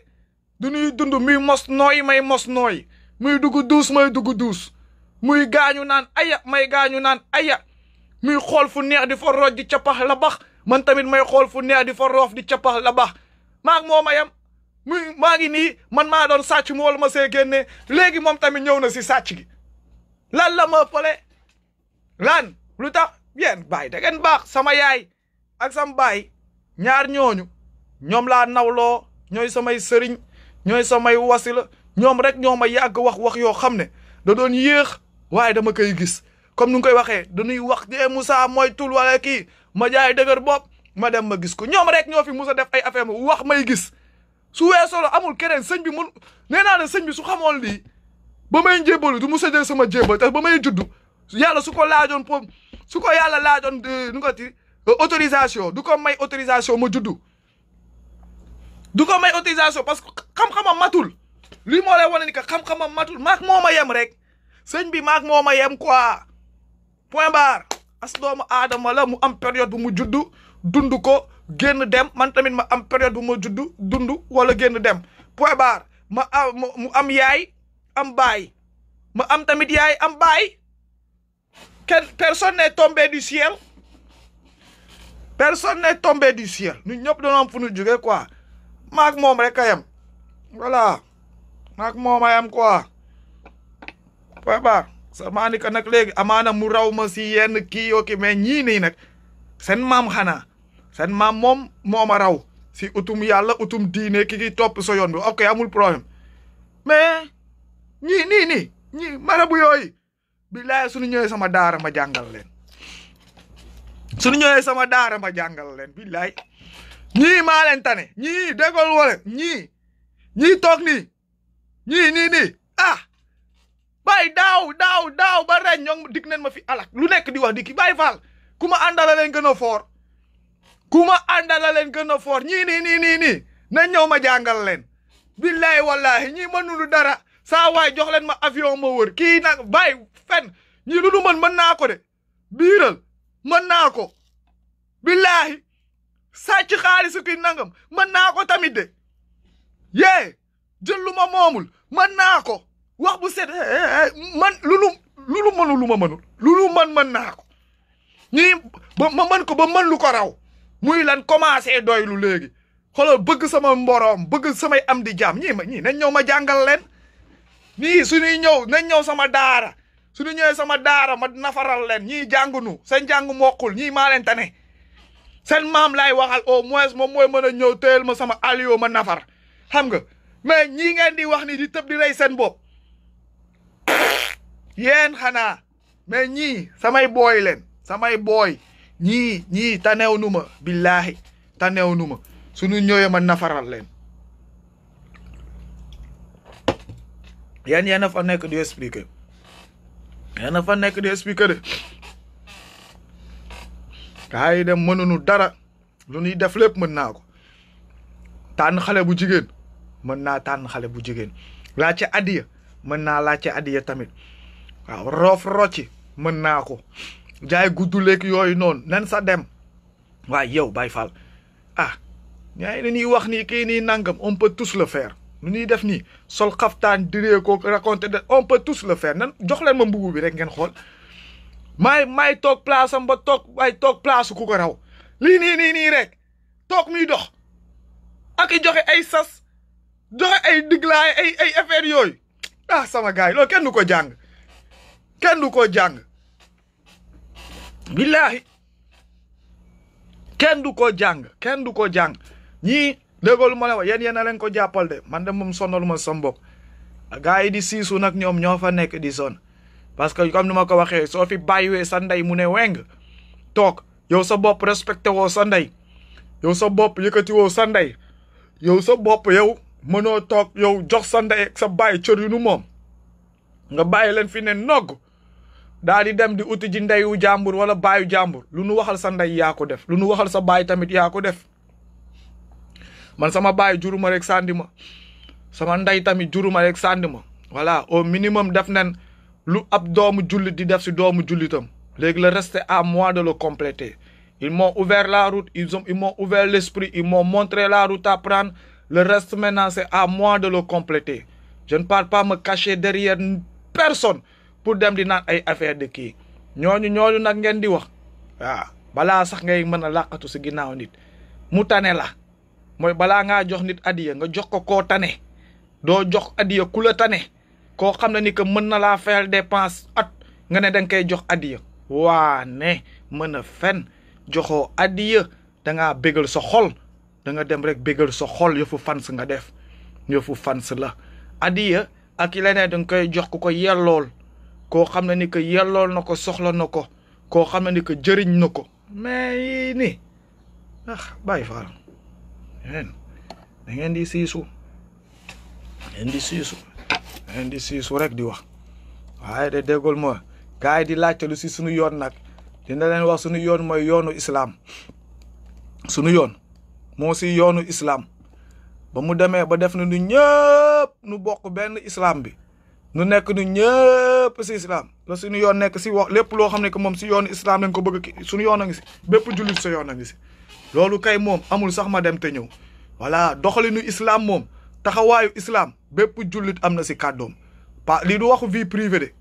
[SPEAKER 1] du ñuy dund muy mos nooy may mos nooy muy dugg duus may dugg duus muy gaañu naan aya may gaañu naan aya muy xool fu neex di fa rooj di cappax la bax man tamit may xool fu neex di fa di cappax la bax maag moo ma yem muy maa ngi nii man maa doon sàcc mu wala ma see génne léegi moom tamit ñëw na si sàcc gi lan la ma fële lan lu tax yéen baay da ngeen baax sama yaay ak sam baay ñaar ñooñu ñoom laa nawloo ñooy samay sëriñ ñooy samay wasila ñoom rek ñoo ma yàgg wax wax yoo xam ne da doon yéex waaye dama koy gis comme ni nga koy waxee dañuy wax de Moussa mooy tul wala kii ma jaay dëgër ma dem ma gis ko ñoom rek ñoo fi Moussa def ay affaire wax may gis su weesoo amul keneen sëñ bi mun nee naa ne sëñ bi su xamoon lii ba may njébbalu du Moussa jël ma jébbal tax ba may juddu yàlla su ko laajoon po su ko yàlla laajoon euh, nu nga ti autorisation du ko may autorisation ma juddu. du ko may autorisation parce que xam-xamam matul lui mo lay woné que xam matul rek bi quoi point barre as doomu à la mu am période mu dem man tamit ma am période bu juddu wala dem point barre ma mu am yaay ma am tamit yaay am personne n'est tombé du ciel personne n'est tombé du ciel Nous quoi. maak moom rek a yem voilà maak moom a yem quoi point barre sama ni que nag léegi amaana mu raw ma si yenn kii yoo ki mais ñii nii nag seen maam xanaa seen maam moom moom a raw si utum yàlla utum diine ki ki topp so yoon bi ok amul problème mais ñii nii nii ñii marabu yooyu billaay suñu ñëwee sama daara ma jàngal leen suñu ñëwee sama daara ma jàngal leen billaay ñii maa leen tane ñii déggoo lu ñii ñii toog nii ñii nii nii ah bàyyi daaw daaw daaw ba ren ñoom dig neen ma fi alak lu nekk di wax di ki bàyyi faal ku ma àndala leen gën a foor ku ma àndala leen gën a foor ñii nii nii nii nii ma jàngal leen billahi wallahi ñii mënulu dara saa waay jox leen ma avion ma wër kii nag bàyyi fen ñii lu nu mën mën naa ko de biiral mën naa ko billahi sàcc xaalisu kii nangam mën naa ko tamit de yee jël lu ma moomul mën naa ko wax bu set eh, eh, eh, man lulu lulu mënu lu ma mënul lulu man mën naa ko ñii ba ma mën ko ba mën lu ko raw muy lan commencé doy lu léegi xoolal bëgg sama mboroom bëgg samay am di jaam ñii ma ñii nañ ñëw ma jàngal leen ñii suñuy ñëw nañ ñëw sama daara suñu ñëwee sama daara ma nafaral leen ñii jàngunu sa njàng mokkul ñii maa leen seen maam laay waxal au moins moom mooy mën a ñëw téyel ma sama alio ma nafar xam nga mais ñii ngeen di wax ni di tëb di rey seen bopp yéen xanaa mais ñii samay booy leen samay booy ñii ñii taneew nu ma billaahi taneew nu ma suñu ñëwee ma nafaral leen yéen yéen a fa nekk di expliquer yéen a fa nekk di expliquer de gars yi dem mënuñu dara lu ñuy def lépp mën naa ko tànn xale bu jigéen mën naa tànn xale bu jigéen laajte adiya mën naa laajte adiya tamit waaw roof rocci mën naa ko jaay gudduleeg yooyu noonu nan sa dem waaye yow Baye Fall ah ñaari ñuy wax nii kii nii nangam on peut tous le faire nu ñuy def nii sol xaftaan diree ko raconté de on peut tous le faire nan jox leen ma mbubu bi rek ngeen xool. maay maay toog place am ba toog maay toog place ku ko raw lii nii nii rek toog muy dox ak i joxe ay sas joxe ay diglaay ay ay affaire yooyu ah sama gars yi kenn du ko jàng kenn du ko jàng billaahi kenn du ko jàng kenn du ko jàng ñii déggoolu ma la wax yéen yéen a leen ko jàppal de man de moom sonaluma sama bopp gars yi di siisu nag ñoom ñoo fa nekk di son parce que comme ni ma ko waxee soo fi bàyyiwee sa ndey mu ne weng toog yow sa bopp respecté woo sa ndey yow sa bopp yëkkati woo sa ndey yow sa bopp yow mënoo toog yow jox sa ndey sa bàyyi cër yu nu moom nga bàyyi leen fi ne nogg daal di dem di uti ji ndeyu jàmbur wala baayu jàmbur lu nu waxal sa ndey yaa ko def lu nu waxal sa baay tamit yaa ko def man sama baay juruma rek sàndi ma sama ndey tamit juruma rek sàndi ma voilà au minimum def nen lu ab doomu jullit di def ci doomu jullitam légui le reste à moi de le compléter ils m'ont ouvert la route ils ont ils m'ont ouvert l'esprit ils m'ont montré la route à prendre le reste maintenant c'est à moi de le compléter je ne parle pas me cacher derrière personne pour dem di naan ay affaire de ki ñoñu ñoñu nak ngeen di wax wa ah, balaa sax ngay mën laqatu ci ginaaw nit mu tané la moy bala nga jox nit adiya nga jox ko ko tane do jox adiya kula tané ko xamna ke ni ke meuna la fayal dépense at nga ne dang kay jox adiya wa ne meuna begel fen joxo adiya da nga bégal sa xol da nga dem rek bégal sa xol yofu fans nga def yofu fans la adiya ak leneen dang kay jox ku ko yellool ko xamna ni ke yellool nako soxla nako ko xamna ni ke jeriñ nako mais ni ah bàyyi faal da ngeen di sisu, da ngeen di sisu. NDC su rek di wax waye de degol mo gars di laajte lu ci sunu yoon Di dina len wax sunu yoon moy yoonu islam sunu yoon mo si yoonu islam ba mu deme ba def na nu ñepp nu bokk ben islam bi nu nek nu ñepp si islam la sunu yoon nek ci lepp lo xamne ko mom ci si yoonu islam lañ ko bëgg ki sunu yoon nga ci si julit sa yoon nga ci lolu kay mom amul sax ma dem te wala doxali nu islam mom. taxawayu islam bépp julit amna ci kaddom pa li du waxu vie privée de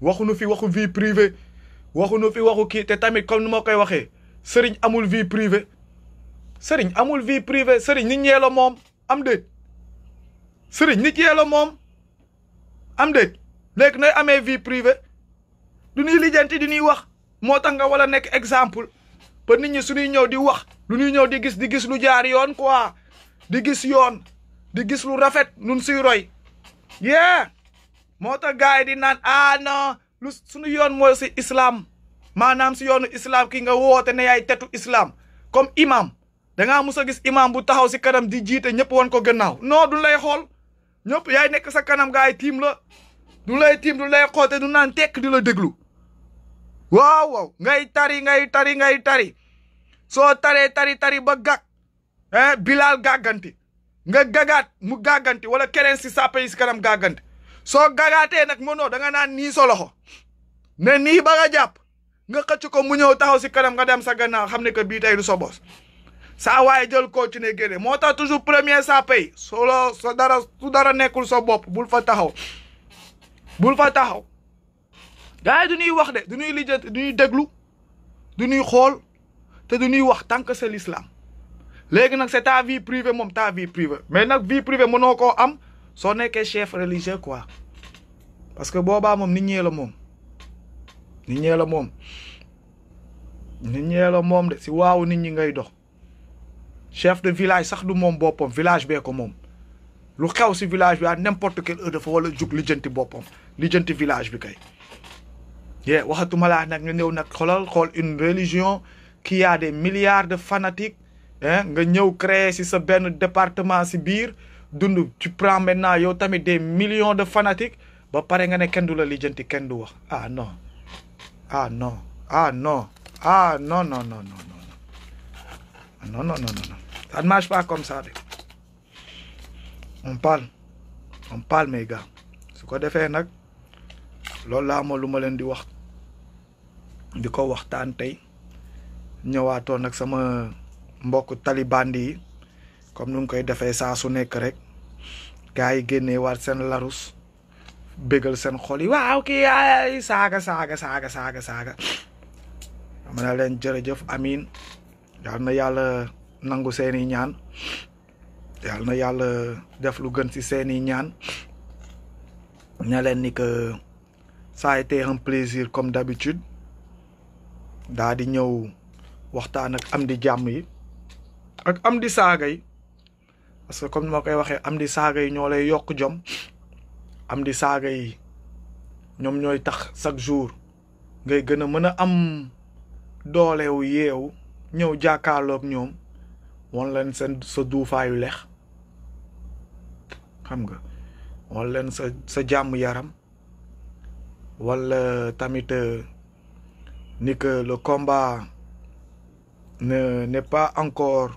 [SPEAKER 1] waxuñu fi waxu vie privée waxuñu fi waxu ki té tamit comme koy sëriñ amul vie privée sëriñ amul vie privée sëriñ nit ñee mom am dé sëriñ nit ñee mom am dé lék nay amé vie privée du ñuy lijjanti di ñuy wax motax nga wala nek exemple ba nit ñi suñu ñëw di wax lu ñu ñëw di gis di gis lu jaar yoon quoi di gis yoon di gis lu rafet nun suy roy yeah moo gaay di ah non lu sunu yoon moy si islam manam si yoonu islam ki nga wote ne yay tetu islam comme imam da nga musa gis imam bu taxaw si kanam di jiite ñëpp won ko gannaaw non du lay xol ñëpp yay nek sa kanam gaay tim la du lay tim du lay xote du nan tek di la deglu waaw waaw ngay tari ngay tari ngay tari so tare tari tari ba gak eh bilal gaganti nga gagat mu gaganti wala keneen si sàppe yi kanam gàggante so gagaté nak mono da nga nan ni so loxo ne ni ba nga japp nga xëcc ko mu ñëw taxaw si kanam nga dem sa gannaaw ko bi tay du so boss sa way jël ko ci mo tax toujours premier sàppe so solo so dara su dara nekkul so bop bul fa taxaw bul fa taxaw gaay du ñuy wax de du ñuy lijeet du ñuy du ñuy xol te du ñuy wax tank sa l'islam léegi c'est ta vie privée mon ta vie privée mais nag vie privée mon koo am que chef religieux quoi parce que Boba, mon nit ñee la moom nit ñee la moom nit ñee si waaw nit ñi ngay chef de village sax du moom bopom, village bien ko moom lu xew village bi n'importe quel heure fois, wala jug lijjanti boppam lijjanti village bi kay yee waxatuma laa nak, une religion qui a des milliards de fanatiques Hein? nga ñëw créer ci sa département si tu prends maintenant des millions de fanatiques ba nga ne ken la du wax ah non ah non ah non ah non non non non non ah non non non ça ne marche pas comme ça on parle on parle mes gars Ce qu'on faire... nag loolu laa di wax diko mbokk taliban yi comme nu ngi koy defee saa su nekk rek gars yi génnee waat seen larus bégal seen xol yi waaw kii ay saaga saaga saaga saaga saaga ma ne leen jërëjëf amin yal na yàlla nangu seeni ñaan yal na yàlla def lu gën si seeni ñaan ne leen ni que ça a été un plaisir comme d'habitude daa di ñëw waxtaan ak am di jàmm yi ak am di saaga yi parce que comme ni ma koy waxee am di saaga yi ñoo lay yokk jom am di saaga yi ñoom ñooy tax chaque jour ngay gën a mën a am doolewu yeewu ñëw jàkkaarloog ñoom wan leen seen sa duufaayu lex xam nga wan leen sa sa jàmm yaram wala tamit euh, ni que le combat ne n'est pas encore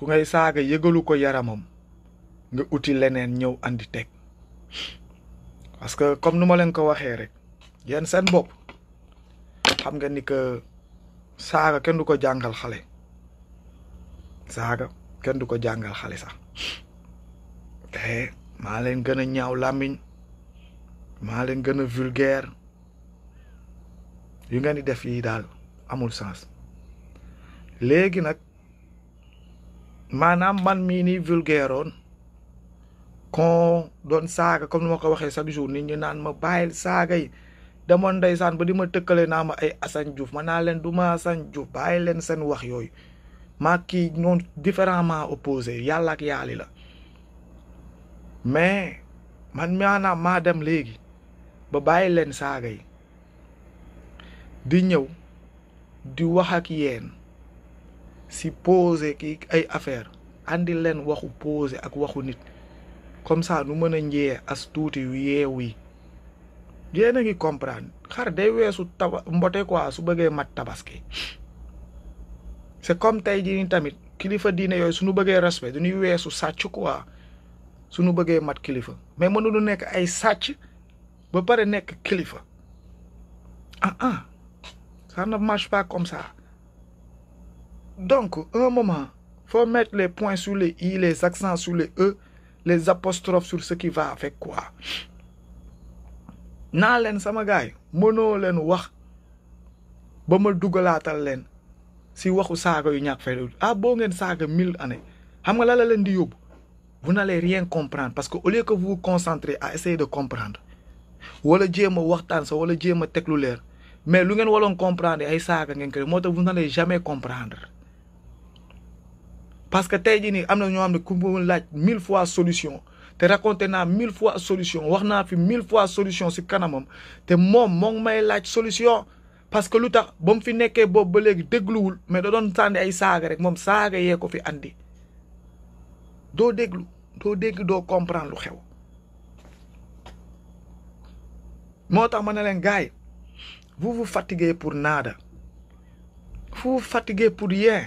[SPEAKER 1] ku ngay saaga yëgalu ko yaramam nga uti leneen ñëw andi teg parce que comme nu ma leen ko waxee rek yéen seen bopp xam nga ni que saaga kenn du ko jàngal xale saaga kenn du ko jàngal xale sax te maa leen gën a ñaaw làmmiñ maa leen gën a vulgaire yu ngeen di def yi daal amul sens léegi nag maanaam man mii nii vulgaire oon doon saaga comme ni ma ko waxee chaque jour ni ñu naan ma bàyyil saaga yi demoon ndeysaan ba di ma tëkkale naa ma ay Assane Diouf ma naa leen du ma Assane Diouf bàyyi leen seen wax yooyu ma kii noonu différemment opposé yàlla ak yaali la mais man maanaam maa dem léegi ba bàyyi leen saaga yi di ñëw di wax ak yéen si posé ki ay affaire andi leen waxu posé ak waxu nit comme ça nu mën a njee as tuuti yeew yi yéen a ngi comprendre xar day weesu taba mbote quoi su bëggee mat tabaski c'est comme tey jii tamit kilifa diine yooyu suñu bëggee respect du ñuy weesu sàcc quoi suñu bëggee mat kilifa mais mënuñu nekk ay sàcc ba pare nekk kilifa ah ah ça ne marche pas comme ça Donc, un moment, faut mettre les points sur les i, les accents sur les e, les apostrophes sur ce qui va avec quoi. Nalen leen sama gay, mënoo leen wax ba ma dugalaatal si waxu saga yu ñak fay ah bo ngeen saga mille années xam nga la la len di yob. vous n'allez rien comprendre parce que au lieu que vous vous concentrez à essayer de comprendre wala jéem waxtan sa wala jéem a lu leer mais lu ngeen walon comprendre ay saga ngeen kër, moo vous n'allez jamais comprendre parce que tey jii nii mille fois solution Tu raconté mille fois solution Tu mille fois solution si kanamam te que tu solution. parce que tu as mu fi as ba tu dégluwul mais tu as ay rek as ko fi andi Do déglu as dégg comprendre lu xew vous vous fatiguez pour nada vous vous fatiguez pour rien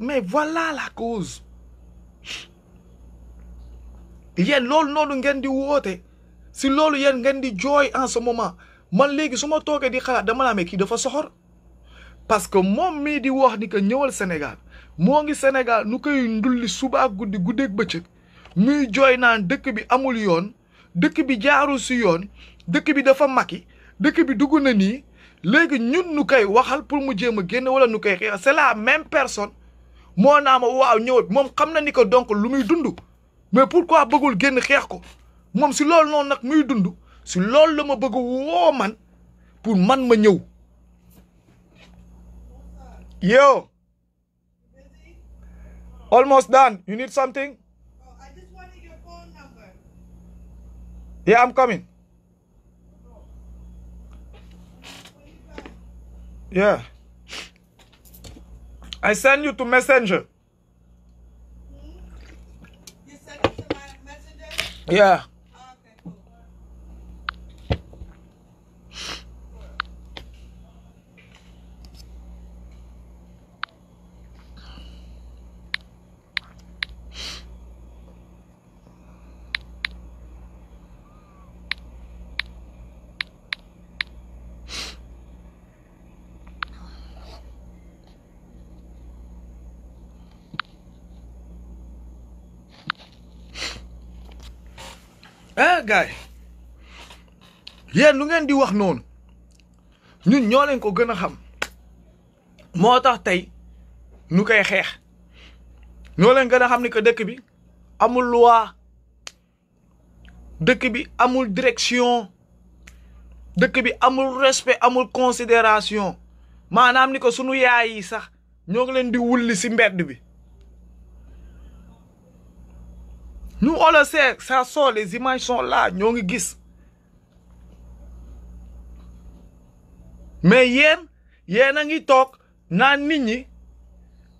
[SPEAKER 1] mais voilà la cause y l'ol noonu ce di wote. si en ce moment man léegi suma ma di que dama la mais ki dafa soxor parce que mon me di wax ni que ñewal Sénégal moo ngi Sénégal nu koy ndulli suba guddi guddeeg bëccëg muy joy naan dëkk bi amul yoon dëkk bi jaarul yoon bi dafa léegi ñun nu koy waxal pour mu jéem a génn wala nu koy xeexal c'est la personne moo naa ma waaw ñëwat moom xam na ni ko donc lu muy dund mais pourquoi bëggul génn xeex ko moom si loolu noonu nag muy dund si loolu la ma bëgg woo man pour man ma ñëw yo almost done you need something oh, yeah I'm coming Yeah. I send you to messenger. Hmm? You send to my messenger? Yeah. nag gaay yéen lu ngeen di wax noonu ñun ñoo leen ko gën a xam moo tax tey nu koy xeex ñoo leen gën a xam ni que dëkk bi amul loi dëkk bi amul direction dëkk bi amul respect amul considération maanaam ni ko sunu yaay yi sax ñoo ngi leen di wulli ci mbedd bi Nous, on le sait, ça sort, les images sont là, ils gis. mais yen ngi tok naan nit ñi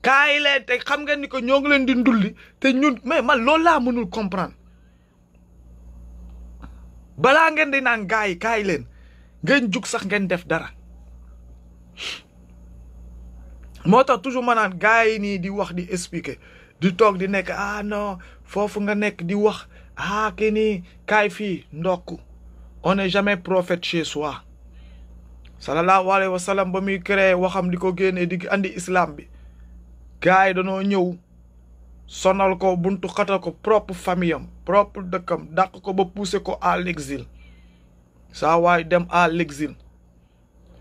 [SPEAKER 1] kay leen te xam ni ko mais man loolu nous mënul comprendre bala ngeen di nan def dara toujours man naan gars di wax di expliquer di tok di ah non fofu nga nek di wax ah kii nii kaay on est jamais prophète chez soi sallallahu alayhi wa sallam ba créé waxam diko ko di andi islam bi gaay yi ñew sonal ko buntu xata ko propre famille propre dekam. dak ko ba pousser ko à l'exil way dem à l'exil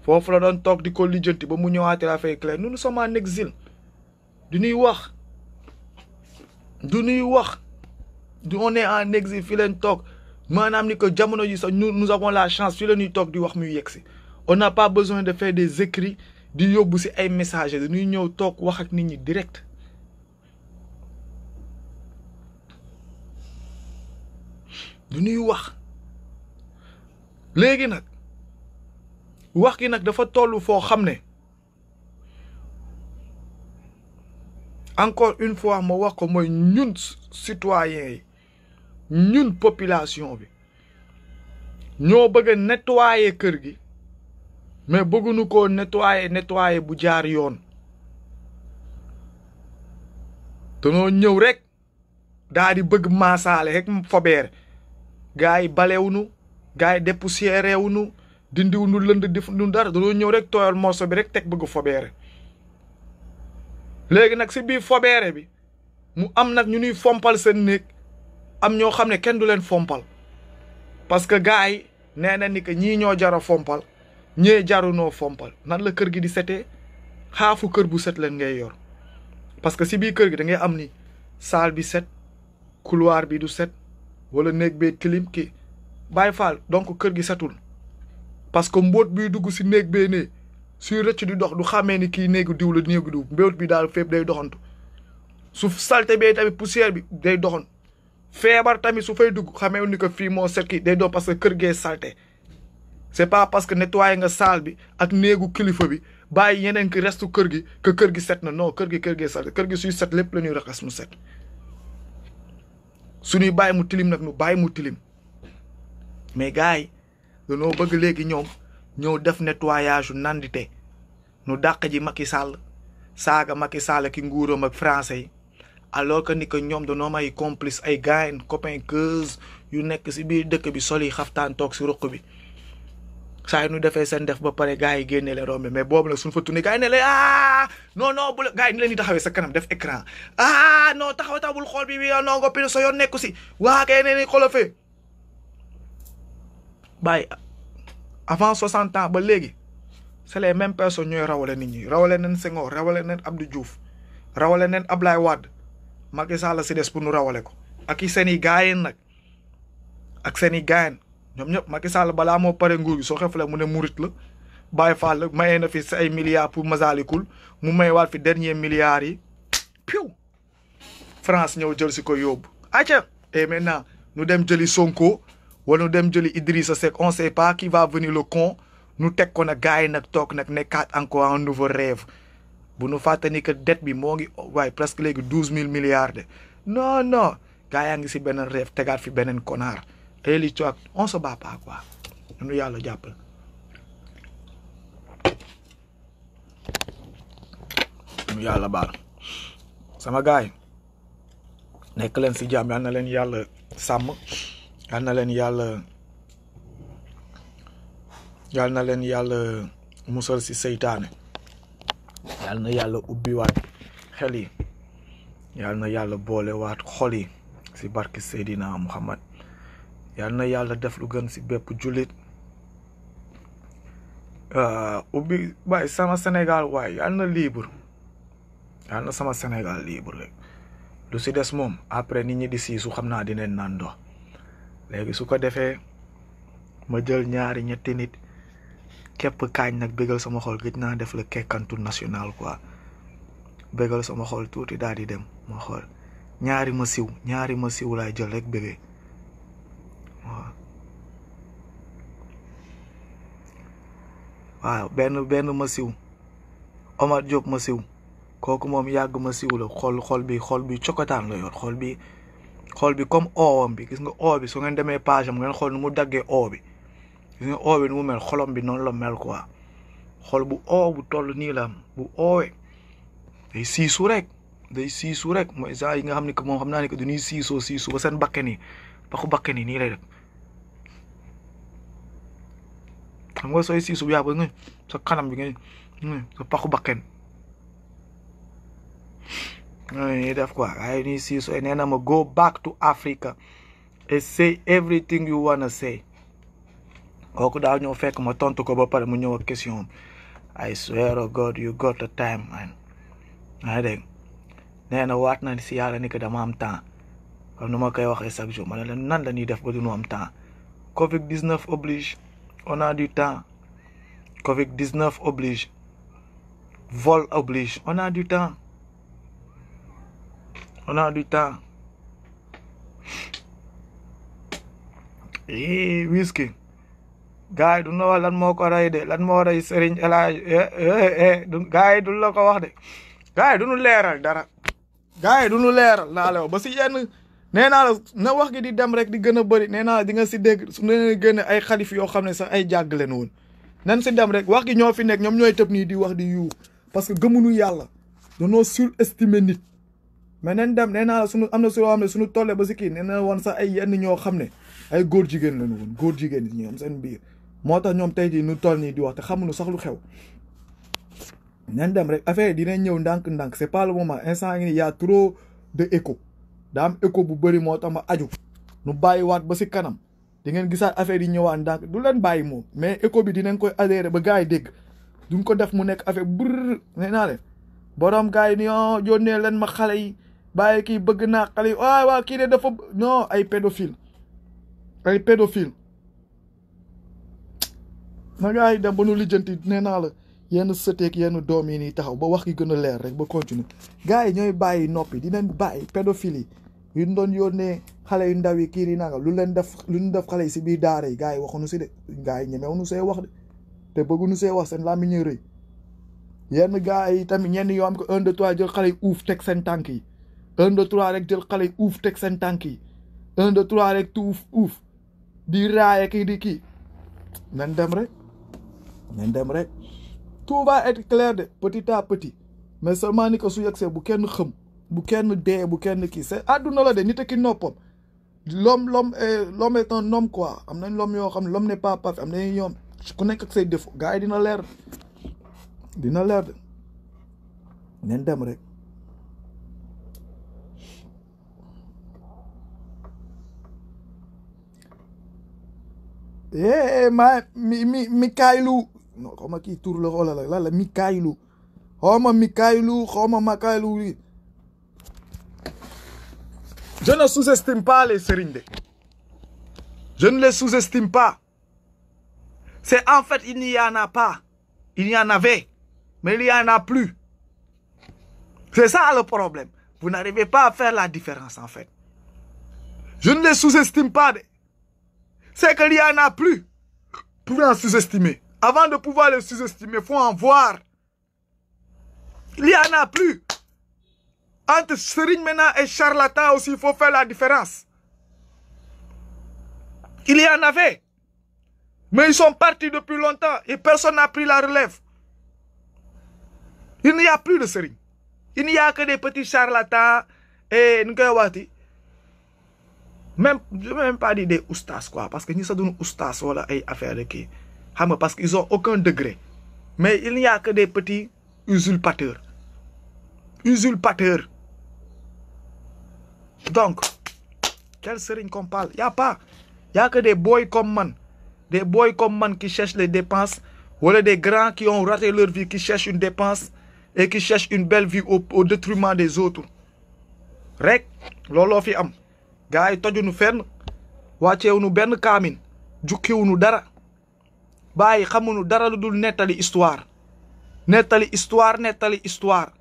[SPEAKER 1] fofu la don tok di ko ba mu la fay clair nous nous sommes en exil Di ñuy wax du nuy wax du on est en exil fii leen toog maanaam ni que jamono yi nous nous avons la chance sur le ñuy tok di wax muy yexi on n'a pas besoin de faire des écrits di yobou si ay messages nuy ñew tok wax ak nit ñi direct du nuy wax légui nak wax ki nak dafa tollu fo xam encore une fois ma wax ko mooy ñun citoyens yi ñun population bi ñoo bëgg a kër gi mais bëgguñu koo nettoyer nettoyer bu jaar yoon danoo ñëw rek daa di bëgg maasaale rek fobeere gars yi balewunu gars yi dépoussiérewunu dindiwunu lënd fu nu dara danoo ñëw rek tooyal morceau bi rek teg bëgg fobeere léegi nag si biir fobeere bi mu am nag ñu nuy fompal seen néeg am ñoo xam ne kenn du leen fompal parce que gars yi nee na ni que ñii ñoo jara fompal ñee jarunoo fompal nan la kër gi di setee xaafu kër bu set leen ngay yor parce que si biir kër gi da ngay am ni saal bi set couloir bi du set wala néeg bee tilim ki bàyyi faal donc kër gi setul parce que mbóot bi dugg si néeg bee nee suy rëcc di dox du xàmmee ni kii néegu diw la néegu diw mbéwut bi daal fépp day doxantu su salte bee tamit poussière bi day doxantu feebar tamit su fay dugg xamee ni ko fii moo set kii day doon parce que kër gee salte c'est pas parce que nettoyé nga saal bi ak néegu kilifa bi bàyyi yeneen ki restu kër gi kër gi set na noo kër gi kër gee salte kër gi suy set lépp la ñuy raxas mu set suñuy bàyyi mu tilim nag nu bàyyi mu tilim mais gars yi danoo bëgg léegi ñoom ñëw def nettoyage nandite nu dàq ji Macky Sall saaga Macky Sall ki nguuram ak français yi alors que ni ñoom da noo may complice ay gain copain queuse yu nekk si biir dëkk bi sol yi xaftaan toog si ruq bi saa yi nu defee seen def ba pare gars yi génne leen rombe mais boobu la suñu fa tourné gars yi ne leen ah non non bu ni taxawee sa kanam def écran ah noo taxaw taxawul xool bi bi non nga pire sa yoon nekku si waa kay nee ni xolofee bàyyi avant 60 ans ba léegi c'est les mêmes personnes ñooy rawale nit ñi rawale neen Senghor rawale neen Abdou Diouf rawale neen Ablaye Wade Macky Sall si des pour nu rawale ko ak i seeni i gaayeen nag ak seen i gaayeen ñoom ñëpp Macky balaa moo pare nguur gi soo xefle mu ne murit la Baye Fall mayee fi si ay milliards pour Masalikul mu may waat fi dernier milliards yi piw France ñëw jël si ko yóbbu aca et maintenant nu dem jëli Sonko wala nu dem jëli Idrissa Seck on sait pas qui va le con nu teg ko na gars yi nag toog nag nekkaat encore en nouveau rêve bu nu fàtte ni que dette bi moo ngi waaye presque léegi douze mille milliards de non non gars yaa ngi si beneen rêve tegaat fi beneen connard et li toog on se bat pas nu yàlla jàppal. nu yàlla baal sama gars nekk leen si jàmm yal na leen yàlla sàmm yal na leen yàlla. yal na leen eh, musal si seytane yal na yalla wat xel yalna yal na wat boolewaat si barke sayidina Muhammad yal na def lu gën si julit euh ubbi bay sama Senegal way yal na libre yal sama Senegal libre rek lu ci dess mom après nit ñi di siisu xam naa dineen naan ndox léegi su ko défé ma jël ñaari ñetti nit képp kaañ nag bëggal sama xol gëj naa def la kekkantu national quoi bégal sama xol tuuti daal di dem ma xool ñaari ma siw ñaari ma siw laay jël rek bégee waaw benn benn ma siw Omar Diop ma siw kooku moom yàgg ma siw la xol xol bi xol bi cokataan la yor xol bi xol bi comme oowam bi gis nga oo bi su ngeen demee page am ngeen xool nu mu daggee oo bi yu nu mu mel xolom bi noonu la mel quoi xol bu oow bu toll nii la bu oowee day siisu rek day siisu rek mooy gens yi nga xam ne que moom xam naa ne que du ñuy siisoo siisu ba seen bakken yi ba ko bakken yi nii lay def xam nga sooy nga sa kanam bi nga sa paxu bakken ñuy def quoi ay ñuy siisu nee na go back to Africa and say everything you wanna say ma tontu ko ba question I swear oh God you got the time man ni temps nan la def ba temps Covid 19 oblige on a du temps Covid 19 oblige vol oblige on a du temps on a du temps et whisky gars yi duñ la wax lan moo ko rey de lan moo rey Serigne El eh, eh, eh, du gars yi duñ la ko wax de gars duñu leeral dara gars yi duñu leeral naa ba si yenn nee naa na wax gi di dem rek di gën a bëri nee di nga si dégg su ne génne ay xalif yoo xam ne sax ay jàgg leen woon nan si dem rek wax gi ñoo fi nekk ñoom ñooy tëb nii di wax di yuux parce que gëmuñu yàlla danoo surestimer nit mais nen dem nee naa suñu am na su soo xam ne suñu tolle ba si kii nee na woon sax ay yenn ñoo xam ne ay góor jigéen lañu góor jigéen ñi am seen biir moo tax ñoom tey jii nu toll nii di wax te xamnu sax lu xew ñan dem rek affaire yi dinañ ñëw ndank c'est pas le moment instant yi y a trop de écho da am écho bu bari ma aju nu wat ba ci kanam di ngeen gisaat affaire yi ñewaan ndank du len bayyi mo mais écho bi dinañ koy adhéré ba gaay dégg duñ ko def mu nekk affaire brr nee naa borom gaay ni yo oh, yónnee len ma xalé yi bayyi ki bëgg na xalé yi wa dafa non ay pédophile ay pédophile na gars yi dem ba nu lijjanti nee naa la yenn sëteeg yenn doom yi nii taxaw ba wax gi gën a leer rek ba continuer gars yi ñooy bàyyi noppi dinañ bàyyi pédophilie yi ñu doon yónnee xale yu ndaw yi kii di nanga lu leen def lu ñu def xale yi si biir daara yi gars yi waxuñu si de gars yi ñemewuñu see wax de te bëgguñu see wax seen làmmiñ ñu rëy yenn gars yi tamit ñenn yoo am un deux jël xale yi uuf teg seen tànk yi un rek jël xale yi uuf teg seen tànk yi un deux rek tuuf uuf di raaye kii di kii nañ dem rek. rek tout va être clair de petit à petit mais seulement ni ko su yegsee bu kenn xam bu kenn dé bu kenn ki c'est aduna la dé nit a ki noppam l'homme l'homme l'homme est un homme quoi am l'homme yo xam l'homme n'est pas parfait am ñom ku nekk ak say défaut gars yi dina leer dina leer de dem rek eh, eh ma mi mi mi kaylu non, comment qui le je ne sous-estime pas les sérindés. je ne les sous-estime pas c'est en fait il n'y en a pas il y en avait mais il n'y en a plus c'est ça le problème vous n'arrivez pas à faire la différence en fait je ne les sous-estime pas c'est qu'il n'y en a plus pouvez en sous-estimer avant de pouvoir les sous-estimer, il faut en voir. Il n'y en a plus. Entre Serigne maintenant et charlatan aussi, il faut faire la différence. Il y en avait. Mais ils sont partis depuis longtemps et personne n'a pris la relève. Il n'y a plus de Serigne. Il n'y a que des petits charlatans et nous Même, je ne même pas dire des oustas, quoi. Parce que nous sommes oustas, voilà, affaire de qui xam parce qu'ils ont aucun degré mais il n'y a que des petits usurpateurs usurpateurs donc quel sëriñ qu'on parle n'y a pas Il n'y a que des boys comme man des boys comme man qui cherchent les dépenses Ou des grands qui ont raté leur vie qui cherchent une dépense et qui cherchent une belle vie au détriment des autres rek lolo fi am gars yi tojuñu fenn wàcceewuñu ben kaamin jukkiwuñu dara. bàyyi xamuñu dara lu dul nettali histoire nettali histoire nettali histoire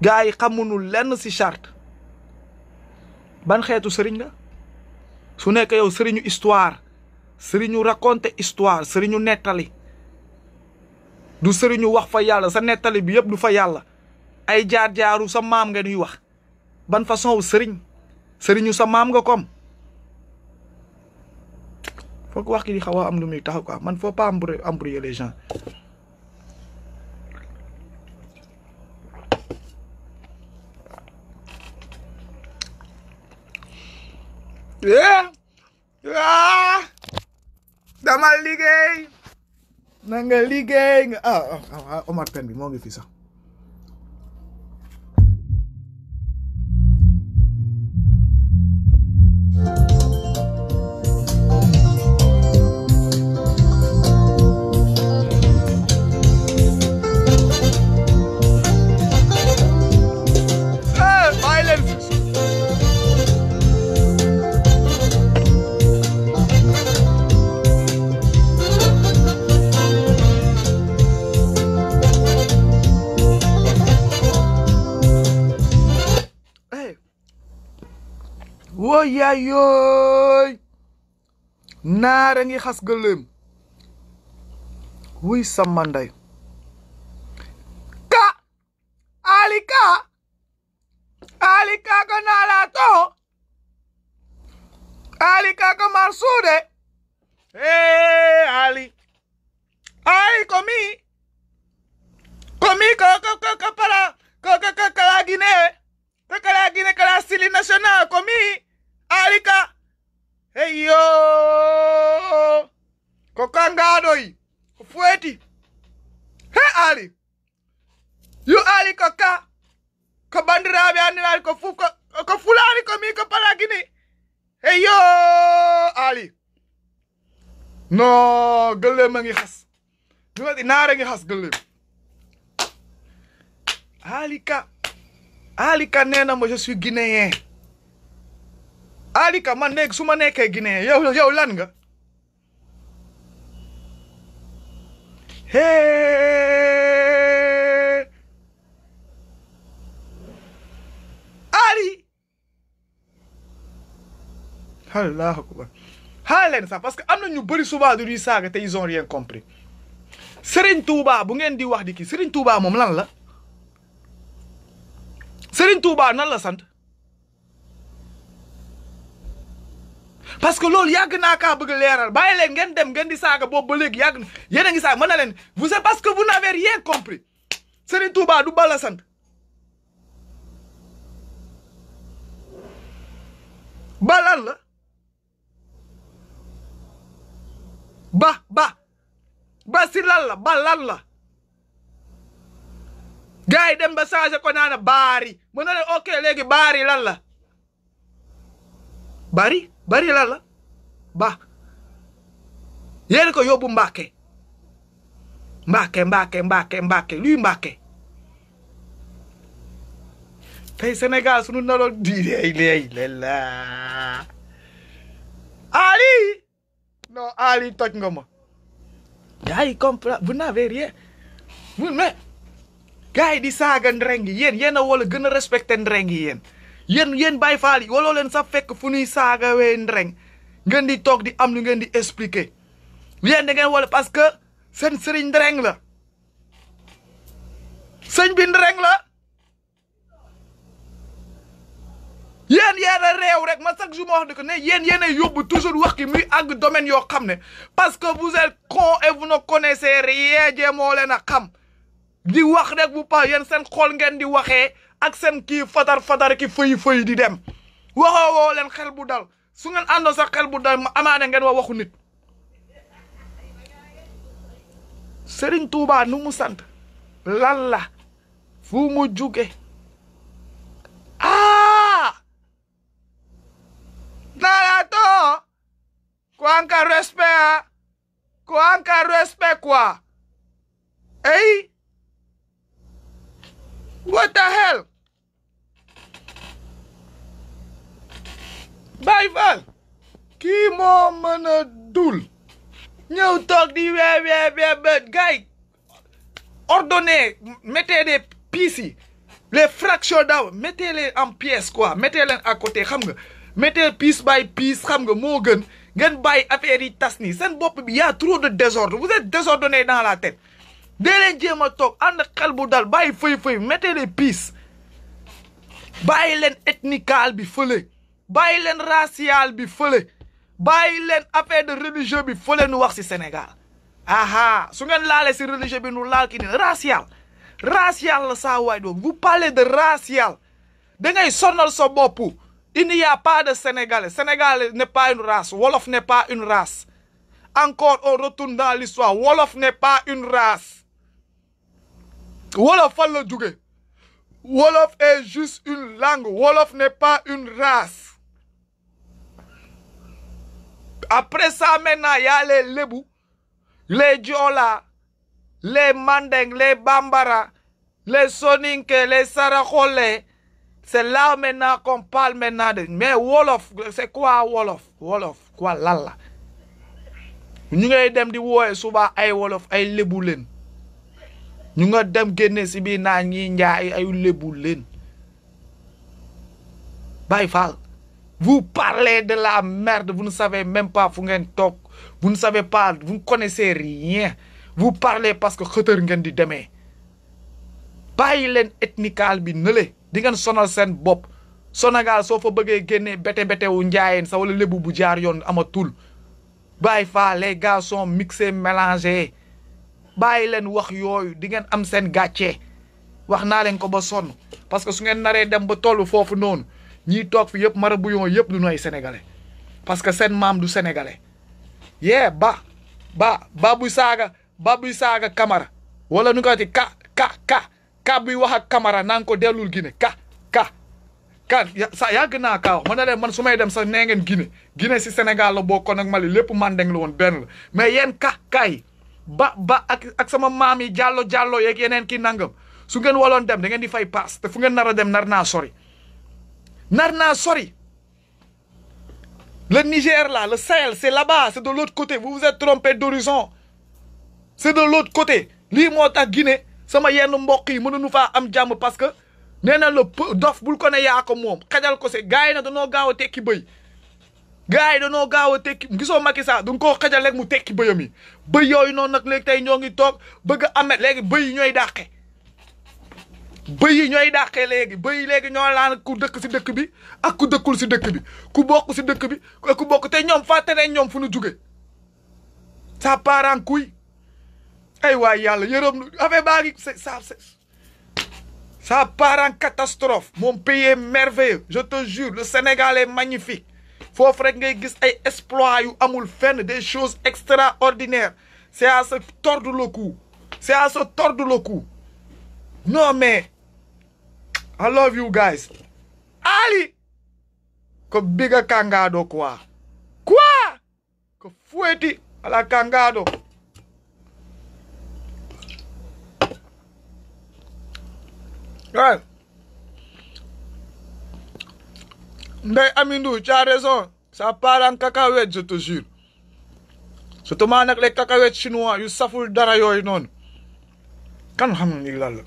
[SPEAKER 1] gaa yi xamuñu lenn si charte ban xeetu sëriñ la su nekk yow sëriñu histoire sëriñu raconter histoire sëriñu nettali du sëriñu wax fa yàlla sa nettali bi yëpp du fa yàlla ay jaar-jaaru sa maam nga ñuy wax ban façon sëriñ sëriñu sa maam nga kom foog wax ki di xaw a am lu muy taxaw quoi faut pas embrouiller les gens ah dama ah, ah, liggéey ah, ah Omar thank you woyaay yooy naara ngi xas gëléem wuy sama ka alika, alika ali ka ko naala to ali ka ko marsuude ee ali ali komi komi ko ko ko para ko ko ko kala Guinée ko kala Guinée la sili national komi alika hey yo, kangaɗoy ko fuweti he ali yo ali kaka. ka ko bandiraɓe andiraɗi ko fu ko fulani ko min ko Hey yo ali no gele ngi has ɗum waɗi ngi has gele. ali ka ali ka nenamo je suis guinéen Ali man nek suma neke gine yow yow lan nga hey Ali Allah akbar halen sa, parce que amna ñu bari souvent du ñuy saga te ils ont rien compris Serigne Touba bu ngeen di wax di ki Serigne Touba mom lan la Serigne Touba nan la sant parce que lol yag na ka bëgg léral bay leen ngeen dem ngeen di saga bobu ba yag yàgg ngi saaga mën vous c'est parce que vous n'avez rien compris Serigne Touba du bala sant balal la ba ba ba si lal la balal la gay dem ba changé ko nana bari mën na leen ok léegi baari la bari bari la la ba yéen ko yóbbu Mbàkke mbake mbake Mbàkke Mbàkke luy Mbàkke tey Sénégal sunu naroon di léey léey lella Ali non Ali toj nga ma gars yi comprendre vous n'avez rien vous mais gars yi di saaga ndreng yéen yéen a wala gën a respecté ndreng yéen yéen yéen Baay Faal yi waloo leen sax fekk fu ñuy saagawee ndreng ngeen di toog di am lu ngeen di expliquer yéen da ngeen wala parce que seen sëriñ ndreng la sëñ bi ndreng la yéen yéen a réew rek ma chaque jour ma wax ne ne yéen yéen yóbbu toujours wax ki muy àgg domaine yoo xam ne parce que vous êtes con et vous ne leen a xam di wax rek bu pa yéen seen xool ngeen di waxee ak seen kii fatar fatar ki fëy fëy di dem waxoo woo xel bu dal su ngeen àndoon sax xel bu dal ma amaane ngeen wax waxu nit Sëriñ nu mu sant lan la fu mu juge ah nalato kuanka respect a kuanka respect quoi ey What the hell? Baay Faal kii moo mën a dul ñëw toog di we wee wee ba gars yi ordonnez mettez des pièces yi daaw mettez les en pièces quoi mettez leen à côté xam nga mettez pièce by pièce xam nga moo gën ngeen bàyyi affaire yi tas ni seen bopp bi y a de désordre vous êtes désordonné dans la tête dee leen jéem a toog ànd ak xel bu dal bàyyi fëy-fëy mettez les pièces bàyyi leen ethnical bi fële bàyyi leen racial bi fële bàyyi leen affaire de religieux bi fële nu wax si Sénégal aha su ngeen laalee si religieux bi nu laal ki ne racial racial la saa waay doon vous parlez de racial da ngay sonal sa bopp il n'y a pas de Sénégalais Sénégalais n'est pas une wolof n'est pas une race encore on retourne dans l'histoire wolof n'est pas une race le Wolof est juste une langue. Wolof n'est pas une race. Après ça, maintenant, il y a les Lebou, les Diola, les Mandeng, les Bambara, les Soninke, les Sarakole. C'est là maintenant qu'on parle maintenant Mais Wolof, c'est quoi Wolof Wolof, quoi Lala Nous avons dit Wolof, Wolof, Wolof, Wolof, ñu vous parlez de la merde vous ne savez même pas fu vous ne savez pas vous ne connaissez rien vous parlez parce que vous ngeen di leen ethnical bi di ngeen sonal Sénégal fa bete bete wu amatul Baye les gars sont mixés mélangés bàyyi leen wax yooyu di ngeen am seen gàccee wax naa leen ko ba sonn parce que su ngeen naree dem ba toll foofu noonu ñiy toog fi yëpp marabouillon yëpp du nooy sénégalais parce que seen maam du sénégalais yee ba ba ba bu saaga ba bu saaga kamara wala nu ko ka ka ka ka buy wax ak kamara naa ko dellul Guinée ka ka ka sa yàgg naa kaaw wax man na leen man su may dem sa nee ngeen Guinée si Sénégal la bokkoon ak Mali lépp man mandeng la woon benn la mais yéen ka ba ba ak ak sama maam yi jàllo jàllo yeeg yeneen kii nangam su ngeen waloon dem da ngeen di fay paas te fu ngeen nar a dem nar naa sori nar naa sori la Niger là la Sahel c'est là-bas c'est de l'autre côté vous vous êtes trompé d'horizon c'est de l'autre côté lii moo tax Guinée sama yenn mbokk yi mënuñu faa am jàmm parce que nee na la dof bul ko ne yaa ko moom xajal ko se gars yi na danoo gaaw a tekki bëy gars yi noo gaaw a tekki gisoo Macky Sall du nga koo xajal rek mu tekki bëyam yi bëy yooyu noonu nag léegi tey ñoo ngi toog bëgg amet léegi bëy ñooy dàqe bëy yi ñooy dàqee léegi bëy yi léegi ñoo laan ku dëkk si dëkk bi ak ku dëkkul si dëkk bi ku bokk si dëkk bi ku bokk te ñoom fàtte nañ ñoom fu nu jóge ça part en couille ay waay yàlla yërëm nu affaire baa ngi ça ça part en catastrophe mon pays est merveilleux je te jure le Sénégal est magnifique foofu rek ngay gis ay exploits yu amul fenn des choses extraordinaires c'est à se tordre le cou c'est à se tordre le cou non mais I love you guys Ali ko biga kangado quoi quoi ko fueti la kangado Right. Ndeye Amindou tu as raison ça part en cacahuète je te jure surtout maa nag les cacahuètes chinois yu saful dara yooyu noonu kan xam ni lan la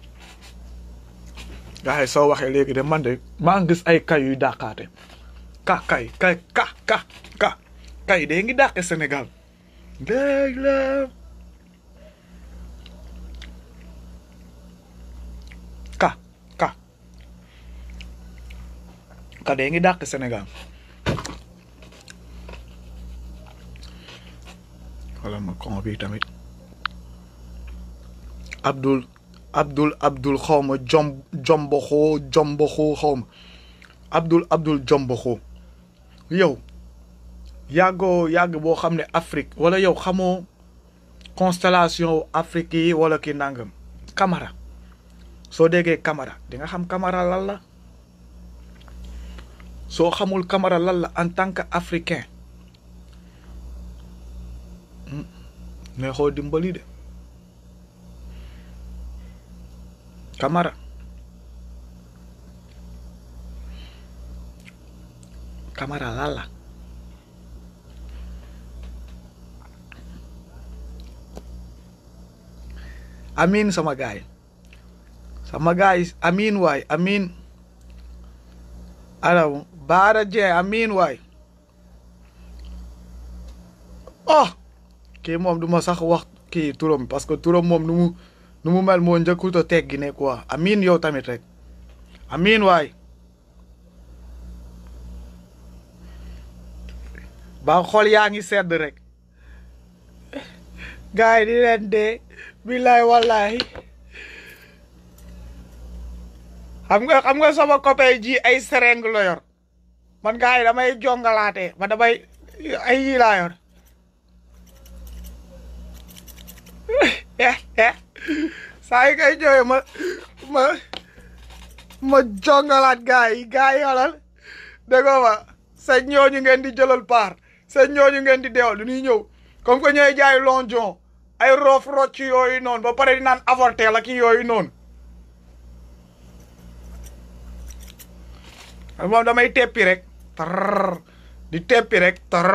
[SPEAKER 1] gars soo waxee léegi de man de maa ngi gis ay kay yuy dàqaate ka kay kay ngi dàqe senegal léegi dàqkat yi ngi dàq Sénégal wala ma tamit Abdul Abdul Abdul xawma jom jomboxoo jomboxoo xawma Abdul Abdul jomboxoo yow yàggoo yàgg boo xam ne Afrique wala yow xamoo constellation Afrique yi wala ki nangam kamara soo déggee kamara dinga xam kamara lan la so xamul kamara lan la en tant que africain hmm. neexoo dimbali de kamara kamara lan amin sama gay sama guys amin why amin alaw Baara Dieng amiin waay oh kii moom du ma sax wax kii turam parce que turoom moom nu mu nu mu mel moo njëkkut a teggi ne quoi amiin yow tamit rek amiin waay ba yaa ngi sedd rek gaay di leen dee billaay wallaahi xam nga xam nga sama copain ji ay sereng la yor man gaay damay jongalaate man damay ay yii laa yor kay jooyee ma ma ma jongalaat gars yi gars yi xoolal dégg ñooñu ngeen di jëlal paar seen ñooñu ngeen di deewal du ñuy ñëw comme que ñooy jaay lonjon ay roof rocc yooyu noonu ba pare di naan avorté la ki yooyu noonu. moom damay teppi rek tar di teppi rek tar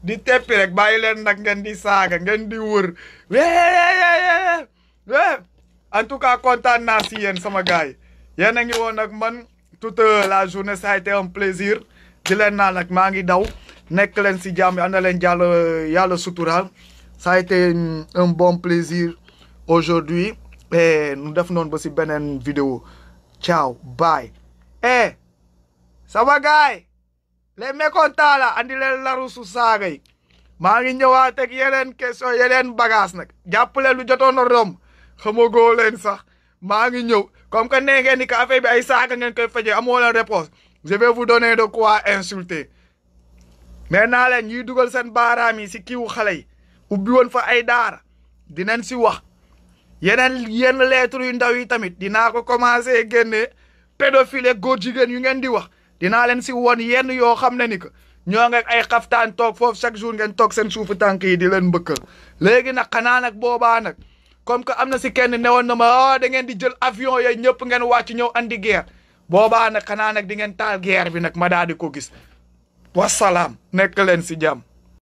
[SPEAKER 1] di teppi rek bàyyi leen nag ngeen di saaga ngeen di wër wee en tout cas kontaan naa si yéen sama gars yi yéen a ngi woon ak man toute la journée ça a été un plaisir di leen naan nag maa ngi daw nekk leen si jàmm ana leen jàll yàlla suturaal ça a été un bon plaisir aujourd'hui et nu def noonu ba si beneen vidéo ciao bye eh va, gars. les mécontents la andi la larusu saaga yi maa ngi ñëwaat keso, une question yeneen bagage nag Je lu sais pas si xamagoo Je sax maa ngi vous comme que si ni bi ay réponse je vais vous donner de quoi insulter mais si kiiwu vous yi fa ay daara si wax Je yenn sais yu ndaw yi tamit ko pédophile dinaa leen si woon yenn yoo xam ne ni que ñoo ngi ay xaftaan toog foofu chaque jour ngeen toog seen suufu tànk yi di leen mbëkkal léegi nag xanaa nag boobaa nag comme que am na si kenn newoon na ma ah da ngeen di jël avion yooyu ñëpp ngeen wàcc ñëw andi guerre boobaa nag xanaa nag di ngeen taal guerre bi nag ma daal di ko gis wasalaam nekk leen si jàmm.